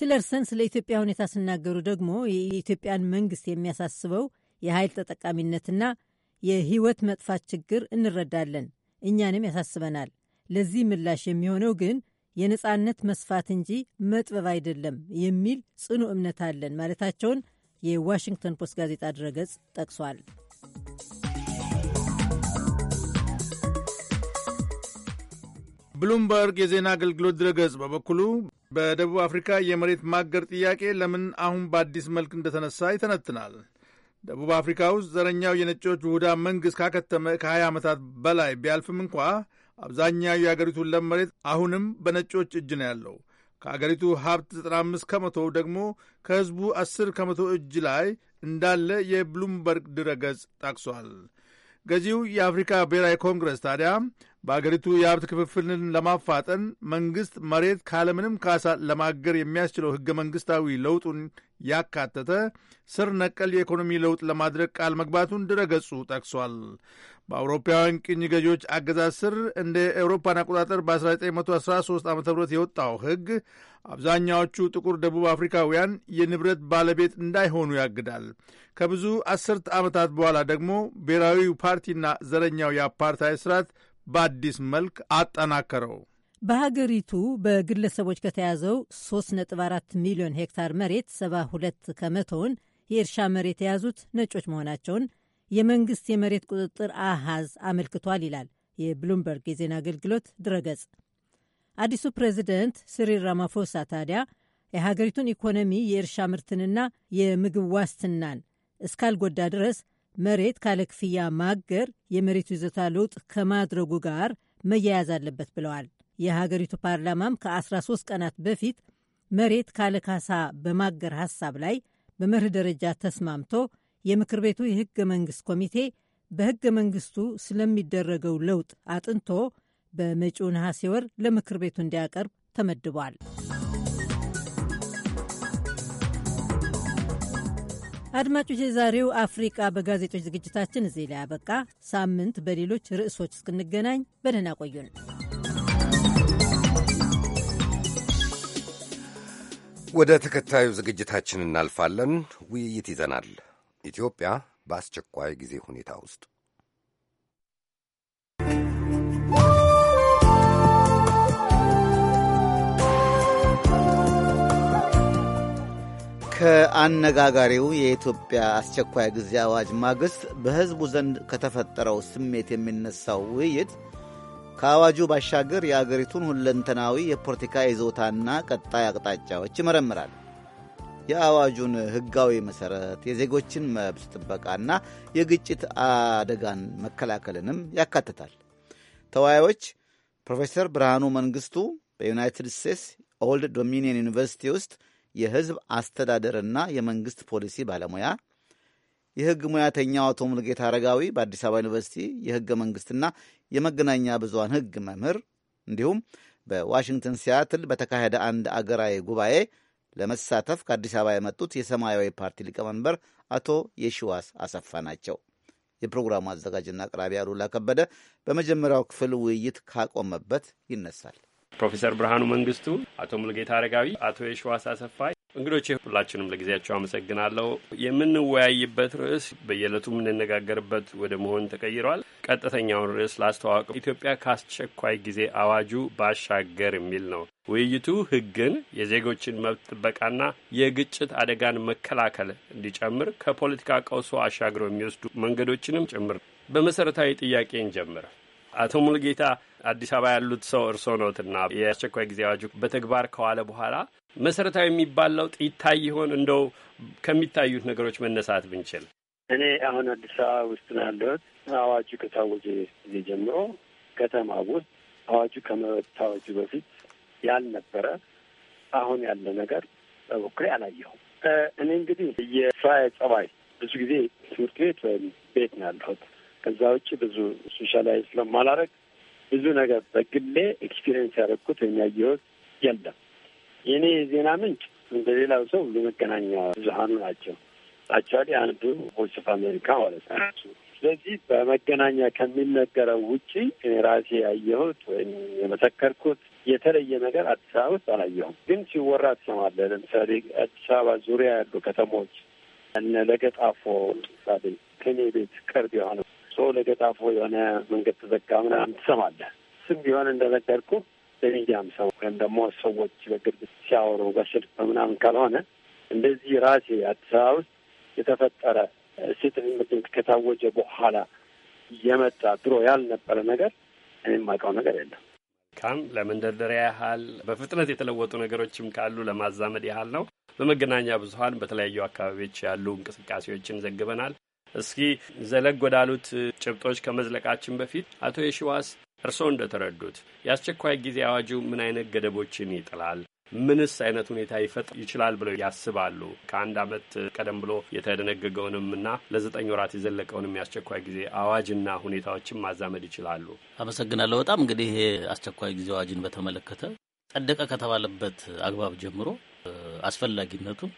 ቲለርሰን ስለ ኢትዮጵያ ሁኔታ ሲናገሩ ደግሞ የኢትዮጵያን መንግስት የሚያሳስበው የኃይል ተጠቃሚነትና የህይወት መጥፋት ችግር እንረዳለን፣ እኛንም ያሳስበናል። ለዚህ ምላሽ የሚሆነው ግን የነጻነት መስፋት እንጂ መጥበብ አይደለም የሚል ጽኑ እምነት አለን ማለታቸውን የዋሽንግተን ፖስት ጋዜጣ ድረገጽ ጠቅሷል። ብሉምበርግ የዜና አገልግሎት ድረገጽ በበኩሉ በደቡብ አፍሪካ የመሬት ማገር ጥያቄ ለምን አሁን በአዲስ መልክ እንደተነሳ ይተነትናል። ደቡብ አፍሪካ ውስጥ ዘረኛው የነጮች ውሁዳ መንግሥት ካከተመ ከ20 ዓመታት በላይ ቢያልፍም እንኳ አብዛኛው የአገሪቱን ለም መሬት አሁንም በነጮች እጅ ነው ያለው። ከአገሪቱ ሀብት 95 ከመቶ ደግሞ ከሕዝቡ 10 ከመቶ እጅ ላይ እንዳለ የብሉምበርግ ድረገጽ ጠቅሷል። ገዢው የአፍሪካ ብሔራዊ ኮንግረስ ታዲያ በአገሪቱ የሀብት ክፍፍልን ለማፋጠን መንግሥት መሬት ካለምንም ካሳ ለማገር የሚያስችለው ሕገ መንግሥታዊ ለውጡን ያካተተ ስር ነቀል የኢኮኖሚ ለውጥ ለማድረግ ቃል መግባቱን ድረገጹ ጠቅሷል። በአውሮፓውያን ቅኝ ገዢዎች አገዛዝ ስር እንደ ኤውሮፓን አቆጣጠር በ1913 ዓ ም የወጣው ሕግ አብዛኛዎቹ ጥቁር ደቡብ አፍሪካውያን የንብረት ባለቤት እንዳይሆኑ ያግዳል። ከብዙ አስርት ዓመታት በኋላ ደግሞ ብሔራዊው ፓርቲና ዘረኛው የአፓርታይ ስርዓት በአዲስ መልክ አጠናከረው። በሀገሪቱ በግለሰቦች ከተያዘው 3.4 ሚሊዮን ሄክታር መሬት 72 ከመቶውን የእርሻ መሬት የያዙት ነጮች መሆናቸውን የመንግስት የመሬት ቁጥጥር አሃዝ አመልክቷል ይላል የብሉምበርግ የዜና አገልግሎት ድረገጽ። አዲሱ ፕሬዚደንት ሲሪል ራማፎሳ ታዲያ የሀገሪቱን ኢኮኖሚ፣ የእርሻ ምርትንና የምግብ ዋስትናን እስካልጎዳ ድረስ መሬት ካለ ክፍያ ማገር የመሬቱ ይዘታ ለውጥ ከማድረጉ ጋር መያያዝ አለበት ብለዋል። የሀገሪቱ ፓርላማም ከ13 ቀናት በፊት መሬት ካለ ካሳ በማገር ሀሳብ ላይ በመርህ ደረጃ ተስማምቶ የምክር ቤቱ የህገ መንግስት ኮሚቴ በህገ መንግስቱ ስለሚደረገው ለውጥ አጥንቶ በመጪው ነሐሴ ወር ለምክር ቤቱ እንዲያቀርብ ተመድቧል። አድማጮች፣ የዛሬው አፍሪቃ በጋዜጦች ዝግጅታችን እዚህ ላይ ያበቃ። ሳምንት በሌሎች ርዕሶች እስክንገናኝ በደህና ቆዩን። ወደ ተከታዩ ዝግጅታችን እናልፋለን። ውይይት ይዘናል። ኢትዮጵያ በአስቸኳይ ጊዜ ሁኔታ ውስጥ ከአነጋጋሪው የኢትዮጵያ አስቸኳይ ጊዜ አዋጅ ማግስት በሕዝቡ ዘንድ ከተፈጠረው ስሜት የሚነሳው ውይይት ከአዋጁ ባሻገር የአገሪቱን ሁለንተናዊ የፖለቲካ ይዞታና ቀጣይ አቅጣጫዎች ይመረምራል። የአዋጁን ሕጋዊ መሠረት፣ የዜጎችን መብት ጥበቃና የግጭት አደጋን መከላከልንም ያካትታል። ተወያዮች ፕሮፌሰር ብርሃኑ መንግስቱ በዩናይትድ ስቴትስ ኦልድ ዶሚኒየን ዩኒቨርሲቲ ውስጥ የሕዝብ አስተዳደርና የመንግሥት ፖሊሲ ባለሙያ፣ የሕግ ሙያተኛው አቶ ሙልጌታ አረጋዊ በአዲስ አበባ ዩኒቨርሲቲ የሕገ መንግሥትና የመገናኛ ብዙሃን ሕግ መምህር እንዲሁም በዋሽንግተን ሲያትል በተካሄደ አንድ አገራዊ ጉባኤ ለመሳተፍ ከአዲስ አበባ የመጡት የሰማያዊ ፓርቲ ሊቀመንበር አቶ የሺዋስ አሰፋ ናቸው። የፕሮግራሙ አዘጋጅና አቅራቢ አሉላ ከበደ በመጀመሪያው ክፍል ውይይት ካቆመበት ይነሳል። ፕሮፌሰር ብርሃኑ መንግስቱ፣ አቶ ሙልጌታ አረጋዊ፣ አቶ የሸዋስ አሰፋ እንግዶች ሁላችንም ለጊዜያቸው አመሰግናለሁ። የምንወያይበት ርዕስ በየዕለቱ የምንነጋገርበት ወደ መሆን ተቀይረዋል። ቀጥተኛውን ርዕስ ላስተዋወቅ፣ ኢትዮጵያ ከአስቸኳይ ጊዜ አዋጁ ባሻገር የሚል ነው ውይይቱ። ሕግን የዜጎችን መብት ጥበቃና የግጭት አደጋን መከላከል እንዲጨምር ከፖለቲካ ቀውሶ አሻግሮ የሚወስዱ መንገዶችንም ጭምር በመሰረታዊ ጥያቄ እንጀምር። አቶ ሙሉጌታ አዲስ አበባ ያሉት ሰው እርስዎ ኖትና የአስቸኳይ ጊዜ አዋጁ በተግባር ከዋለ በኋላ መሰረታዊ የሚባል ለውጥ ይታይ ይሆን? እንደው ከሚታዩት ነገሮች መነሳት ብንችል። እኔ አሁን አዲስ አበባ ውስጥ ነው ያለሁት። አዋጁ ከታወጀ ጊዜ ጀምሮ ከተማ ውስጥ አዋጁ ከመታወጁ በፊት ያልነበረ አሁን ያለ ነገር በበኩሌ አላየሁም። እኔ እንግዲህ የስራ ጸባይ ብዙ ጊዜ ትምህርት ቤት ወይም ቤት ነው ያለሁት። ከዛ ውጭ ብዙ ሶሻላይዝ ስለማላረግ ብዙ ነገር በግሌ ኤክስፒሪየንስ ያደረግኩት ወይም ያየሁት የለም። የእኔ የዜና ምንጭ እንደሌላው ሰው የመገናኛ ብዙሀኑ ናቸው። አክቹዋሊ አንዱ ቮይስ ኦፍ አሜሪካ ማለት ነው። ስለዚህ በመገናኛ ከሚነገረው ውጪ እኔ ራሴ ያየሁት ወይም የመሰከርኩት የተለየ ነገር አዲስ አበባ ውስጥ አላየሁም። ግን ሲወራ ትሰማለህ። ለምሳሌ አዲስ አበባ ዙሪያ ያሉ ከተሞች እነ ለገጣፎ ምሳሌ ከኔ ቤት ቅርብ የሆነ ሰው ለገጣፎ የሆነ መንገድ ተዘጋ ምናምን ትሰማለህ። ስም ቢሆን እንደነገርኩህ በሚዲያም ሰው ወይም ደግሞ ሰዎች በግርብ ሲያወሩ በስልክ በምናምን ካልሆነ እንደዚህ ራሴ አዲስ አበባ ውስጥ የተፈጠረ ሴትን ምድንቅ ከታወጀ በኋላ የመጣ ድሮ ያልነበረ ነገር እኔ የማውቀው ነገር የለም። ካም ለመንደርደሪያ ያህል በፍጥነት የተለወጡ ነገሮችም ካሉ ለማዛመድ ያህል ነው። በመገናኛ ብዙኃን በተለያዩ አካባቢዎች ያሉ እንቅስቃሴዎችን ዘግበናል። እስኪ ዘለግ ወዳሉት ጭብጦች ከመዝለቃችን በፊት አቶ የሽዋስ እርስዎ እንደተረዱት የአስቸኳይ ጊዜ አዋጁ ምን አይነት ገደቦችን ይጥላል? ምንስ አይነት ሁኔታ ይፈጥር ይችላል ብለው ያስባሉ? ከአንድ ዓመት ቀደም ብሎ የተደነገገውንም እና ለዘጠኝ ወራት የዘለቀውንም የአስቸኳይ ጊዜ አዋጅና ሁኔታዎችን ማዛመድ ይችላሉ? አመሰግናለሁ። በጣም እንግዲህ አስቸኳይ ጊዜ አዋጅን በተመለከተ ጸደቀ ከተባለበት አግባብ ጀምሮ አስፈላጊነቱን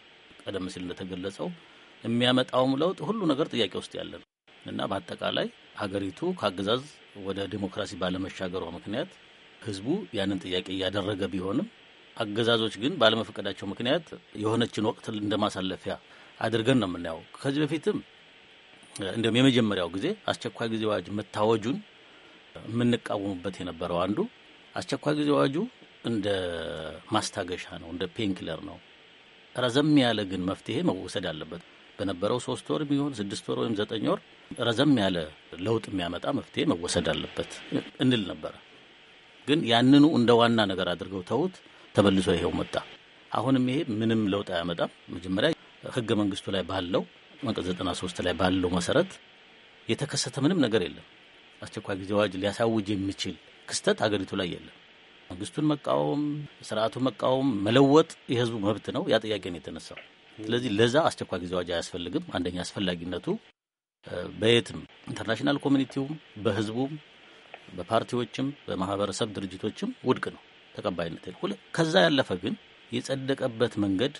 ቀደም ሲል እንደተገለጸው የሚያመጣውም ለውጥ ሁሉ ነገር ጥያቄ ውስጥ ያለ ነው እና በአጠቃላይ ሀገሪቱ ከአገዛዝ ወደ ዲሞክራሲ ባለመሻገሯ ምክንያት ህዝቡ ያንን ጥያቄ እያደረገ ቢሆንም አገዛዞች ግን ባለመፈቀዳቸው ምክንያት የሆነችን ወቅት እንደማሳለፊያ አድርገን ነው የምናየው። ከዚህ በፊትም እንዲሁም የመጀመሪያው ጊዜ አስቸኳይ ጊዜ አዋጅ መታወጁን የምንቃወሙበት የነበረው አንዱ አስቸኳይ ጊዜ አዋጁ እንደ ማስታገሻ ነው፣ እንደ ፔንኪለር ነው። ረዘም ያለ ግን መፍትሄ መወሰድ አለበት። በነበረው ሶስት ወር የሚሆን ስድስት ወር ወይም ዘጠኝ ወር ረዘም ያለ ለውጥ የሚያመጣ መፍትሄ መወሰድ አለበት እንል ነበረ። ግን ያንኑ እንደ ዋና ነገር አድርገው ተውት፣ ተመልሶ ይሄው መጣ። አሁንም ይሄ ምንም ለውጥ አያመጣም። መጀመሪያ ህገ መንግስቱ ላይ ባለው አንቀጽ 93 ላይ ባለው መሰረት የተከሰተ ምንም ነገር የለም። አስቸኳይ ጊዜ አዋጅ ሊያሳውጅ የሚችል ክስተት ሀገሪቱ ላይ የለም። መንግስቱን መቃወም፣ ስርዓቱን መቃወም፣ መለወጥ የህዝቡ መብት ነው። ያ ጥያቄ ነው የተነሳው። ስለዚህ ለዛ አስቸኳይ ጊዜ አዋጅ አያስፈልግም። አንደኛ አስፈላጊነቱ በየትም ኢንተርናሽናል ኮሚኒቲውም በህዝቡም በፓርቲዎችም በማህበረሰብ ድርጅቶችም ውድቅ ነው ተቀባይነት። ከዛ ያለፈ ግን የጸደቀበት መንገድ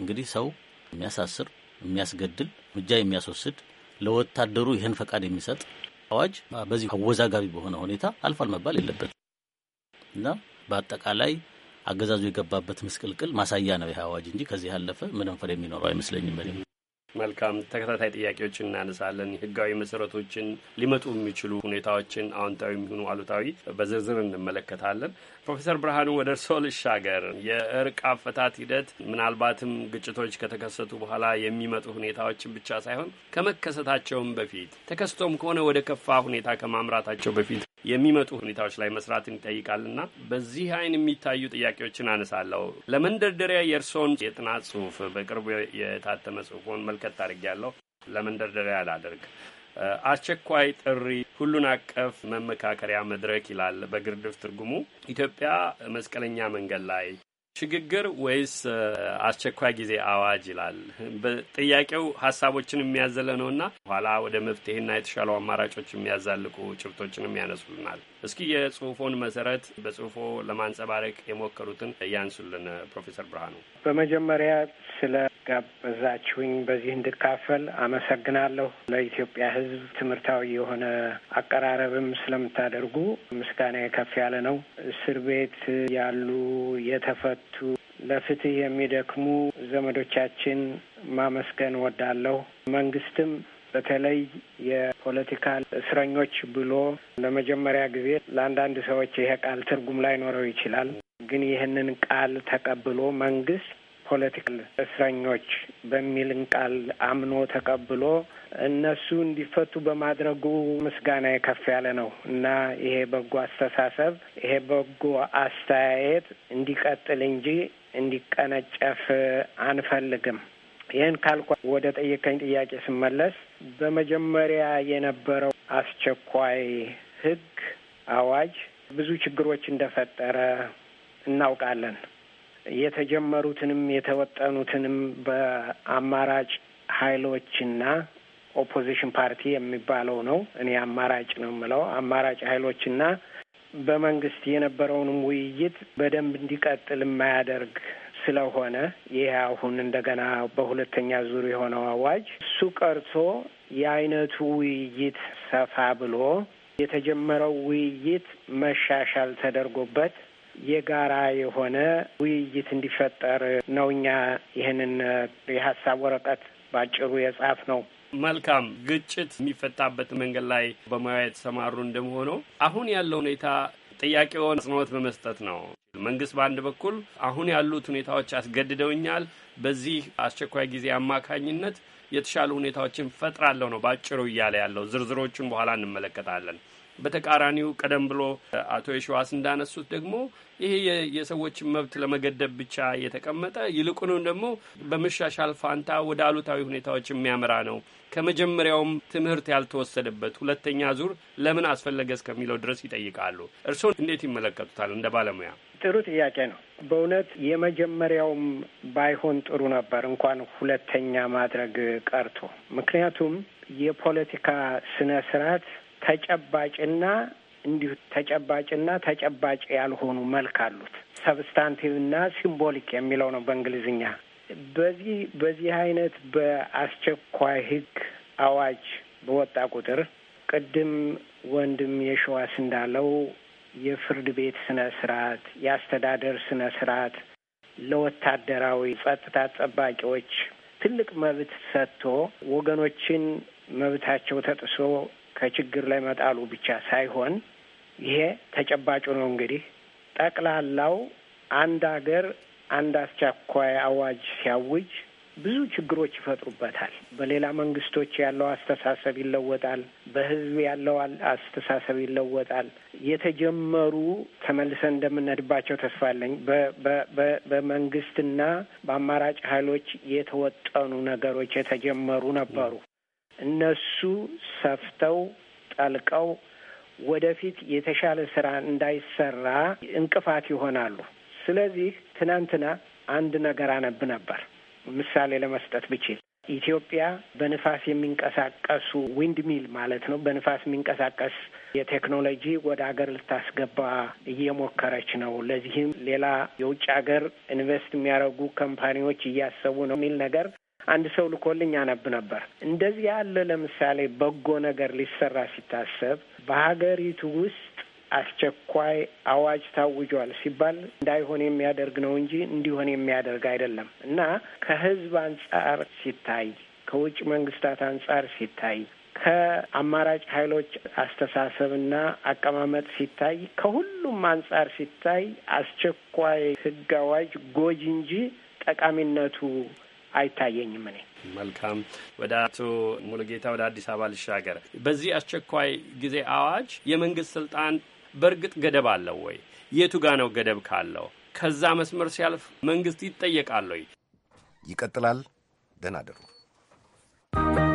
እንግዲህ ሰው የሚያሳስር የሚያስገድል እርምጃ የሚያስወስድ ለወታደሩ ይህን ፈቃድ የሚሰጥ አዋጅ በዚህ አወዛጋቢ በሆነ ሁኔታ አልፏል መባል የለበትም እና በአጠቃላይ አገዛዙ የገባበት ምስቅልቅል ማሳያ ነው ይህ አዋጅ እንጂ ከዚህ ያለፈ ምንም ፍሬ የሚኖረው አይመስለኝም። መልካም ተከታታይ ጥያቄዎችን እናነሳለን። ህጋዊ መሰረቶችን ሊመጡ የሚችሉ ሁኔታዎችን አዎንታዊ የሚሆኑ አሉታዊ በዝርዝር እንመለከታለን። ፕሮፌሰር ብርሃኑ ወደ እርስዎ ልሻገር። የእርቅ አፈታት ሂደት ምናልባትም ግጭቶች ከተከሰቱ በኋላ የሚመጡ ሁኔታዎችን ብቻ ሳይሆን ከመከሰታቸውም በፊት ተከስቶም ከሆነ ወደ ከፋ ሁኔታ ከማምራታቸው በፊት የሚመጡ ሁኔታዎች ላይ መስራትን ይጠይቃልና በዚህ አይን የሚታዩ ጥያቄዎችን አነሳለሁ። ለመንደርደሪያ የእርስዎን የጥናት ጽሁፍ በቅርቡ የታተመ ጽሁፎን መልከት ያለው ለመንደርደሪያ አላደርግ አስቸኳይ ጥሪ ሁሉን አቀፍ መመካከሪያ መድረክ ይላል በግርድፍ ትርጉሙ። ኢትዮጵያ መስቀለኛ መንገድ ላይ ሽግግር ወይስ አስቸኳይ ጊዜ አዋጅ ይላል ጥያቄው። ሀሳቦችን የሚያዘለ ነውና ኋላ ወደ መፍትሄና የተሻለው አማራጮች የሚያዛልቁ ጭብቶችንም የሚያነሱልናል። እስኪ የጽሁፎን መሰረት በጽሁፎ ለማንጸባረቅ የሞከሩትን እያንሱልን ፕሮፌሰር ብርሃኑ። በመጀመሪያ ስለ ጋበዛችሁኝ በዚህ እንድካፈል አመሰግናለሁ። ለኢትዮጵያ ሕዝብ ትምህርታዊ የሆነ አቀራረብም ስለምታደርጉ ምስጋና ከፍ ያለ ነው። እስር ቤት ያሉ የተፈቱ ለፍትህ የሚደክሙ ዘመዶቻችን ማመስገን ወዳለሁ። መንግስትም በተለይ የፖለቲካ እስረኞች ብሎ ለመጀመሪያ ጊዜ ለአንዳንድ ሰዎች ይሄ ቃል ትርጉም ላይኖረው ይችላል። ግን ይህንን ቃል ተቀብሎ መንግስት ፖለቲካል እስረኞች በሚልን ቃል አምኖ ተቀብሎ እነሱ እንዲፈቱ በማድረጉ ምስጋና የከፍ ያለ ነው እና ይሄ በጎ አስተሳሰብ ይሄ በጎ አስተያየት እንዲቀጥል እንጂ እንዲቀነጨፍ አንፈልግም። ይህን ካልኳ ወደ ጠየቀኝ ጥያቄ ስመለስ በመጀመሪያ የነበረው አስቸኳይ ህግ አዋጅ ብዙ ችግሮች እንደፈጠረ እናውቃለን። የተጀመሩትንም የተወጠኑትንም በአማራጭ ሀይሎችና ኦፖዚሽን ፓርቲ የሚባለው ነው። እኔ አማራጭ ነው የምለው አማራጭ ሀይሎችና በመንግስት የነበረውንም ውይይት በደንብ እንዲቀጥል የማያደርግ ስለሆነ ይህ አሁን እንደገና በሁለተኛ ዙር የሆነው አዋጅ እሱ ቀርቶ የአይነቱ ውይይት ሰፋ ብሎ የተጀመረው ውይይት መሻሻል ተደርጎበት የጋራ የሆነ ውይይት እንዲፈጠር ነው። እኛ ይህንን የሀሳብ ወረቀት ባጭሩ የጻፍ ነው። መልካም ግጭት የሚፈታበት መንገድ ላይ በሙያ የተሰማሩ እንደመሆኑ አሁን ያለው ሁኔታ ጥያቄውን አጽንኦት በመስጠት ነው። መንግስት በአንድ በኩል አሁን ያሉት ሁኔታዎች አስገድደውኛል፣ በዚህ አስቸኳይ ጊዜ አማካኝነት የተሻሉ ሁኔታዎችን ፈጥራለሁ ነው ባጭሩ እያለ ያለው። ዝርዝሮቹን በኋላ እንመለከታለን። በተቃራኒው ቀደም ብሎ አቶ የሸዋስ እንዳነሱት ደግሞ ይሄ የሰዎችን መብት ለመገደብ ብቻ የተቀመጠ ይልቁንም ደግሞ በመሻሻል ፋንታ ወደ አሉታዊ ሁኔታዎች የሚያመራ ነው። ከመጀመሪያውም ትምህርት ያልተወሰደበት ሁለተኛ ዙር ለምን አስፈለገ እስከሚለው ድረስ ይጠይቃሉ። እርስዎን እንዴት ይመለከቱታል እንደ ባለሙያ? ጥሩ ጥያቄ ነው። በእውነት የመጀመሪያውም ባይሆን ጥሩ ነበር፣ እንኳን ሁለተኛ ማድረግ ቀርቶ። ምክንያቱም የፖለቲካ ስነ ስርዓት ተጨባጭና እንዲሁ ተጨባጭና ተጨባጭ ያልሆኑ መልክ አሉት። ሰብስታንቲቭና ሲምቦሊክ የሚለው ነው በእንግሊዝኛ። በዚህ በዚህ አይነት በአስቸኳይ ህግ አዋጅ በወጣ ቁጥር ቅድም ወንድም የሸዋስ እንዳለው የፍርድ ቤት ስነ ስርዓት፣ የአስተዳደር ስነ ስርዓት ለወታደራዊ ጸጥታ ጠባቂዎች ትልቅ መብት ሰጥቶ ወገኖችን መብታቸው ተጥሶ ከችግር ላይ መጣሉ ብቻ ሳይሆን ይሄ ተጨባጩ ነው። እንግዲህ ጠቅላላው አንድ ሀገር አንድ አስቸኳይ አዋጅ ሲያውጅ ብዙ ችግሮች ይፈጥሩበታል። በሌላ መንግስቶች ያለው አስተሳሰብ ይለወጣል። በህዝብ ያለው አስተሳሰብ ይለወጣል። የተጀመሩ ተመልሰን እንደምንሄድባቸው ተስፋ አለኝ። በመንግስትና በአማራጭ ኃይሎች የተወጠኑ ነገሮች የተጀመሩ ነበሩ። እነሱ ሰፍተው ጠልቀው ወደፊት የተሻለ ስራ እንዳይሰራ እንቅፋት ይሆናሉ። ስለዚህ ትናንትና አንድ ነገር አነብ ነበር። ምሳሌ ለመስጠት ብችል ኢትዮጵያ በንፋስ የሚንቀሳቀሱ ዊንድ ሚል ማለት ነው። በንፋስ የሚንቀሳቀስ የቴክኖሎጂ ወደ ሀገር ልታስገባ እየሞከረች ነው። ለዚህም ሌላ የውጭ ሀገር ኢንቨስት የሚያደርጉ ከምፓኒዎች እያሰቡ ነው የሚል ነገር አንድ ሰው ልኮልኝ አነብ ነበር። እንደዚህ ያለ ለምሳሌ በጎ ነገር ሊሰራ ሲታሰብ በሀገሪቱ ውስጥ አስቸኳይ አዋጅ ታውጇል ሲባል እንዳይሆን የሚያደርግ ነው እንጂ እንዲሆን የሚያደርግ አይደለም እና ከህዝብ አንጻር ሲታይ፣ ከውጭ መንግስታት አንጻር ሲታይ፣ ከአማራጭ ኃይሎች አስተሳሰብና አቀማመጥ ሲታይ፣ ከሁሉም አንጻር ሲታይ አስቸኳይ ህግ አዋጅ ጎጂ እንጂ ጠቃሚነቱ አይታየኝም እኔ። መልካም ወደ አቶ ሙሉጌታ ወደ አዲስ አበባ ልሻገር። በዚህ አስቸኳይ ጊዜ አዋጅ የመንግስት ስልጣን በእርግጥ ገደብ አለው ወይ? የቱ ጋ ነው ገደብ ካለው ከዛ መስመር ሲያልፍ መንግስት ይጠየቃል ወይ? ይቀጥላል። ደህና አደሩ።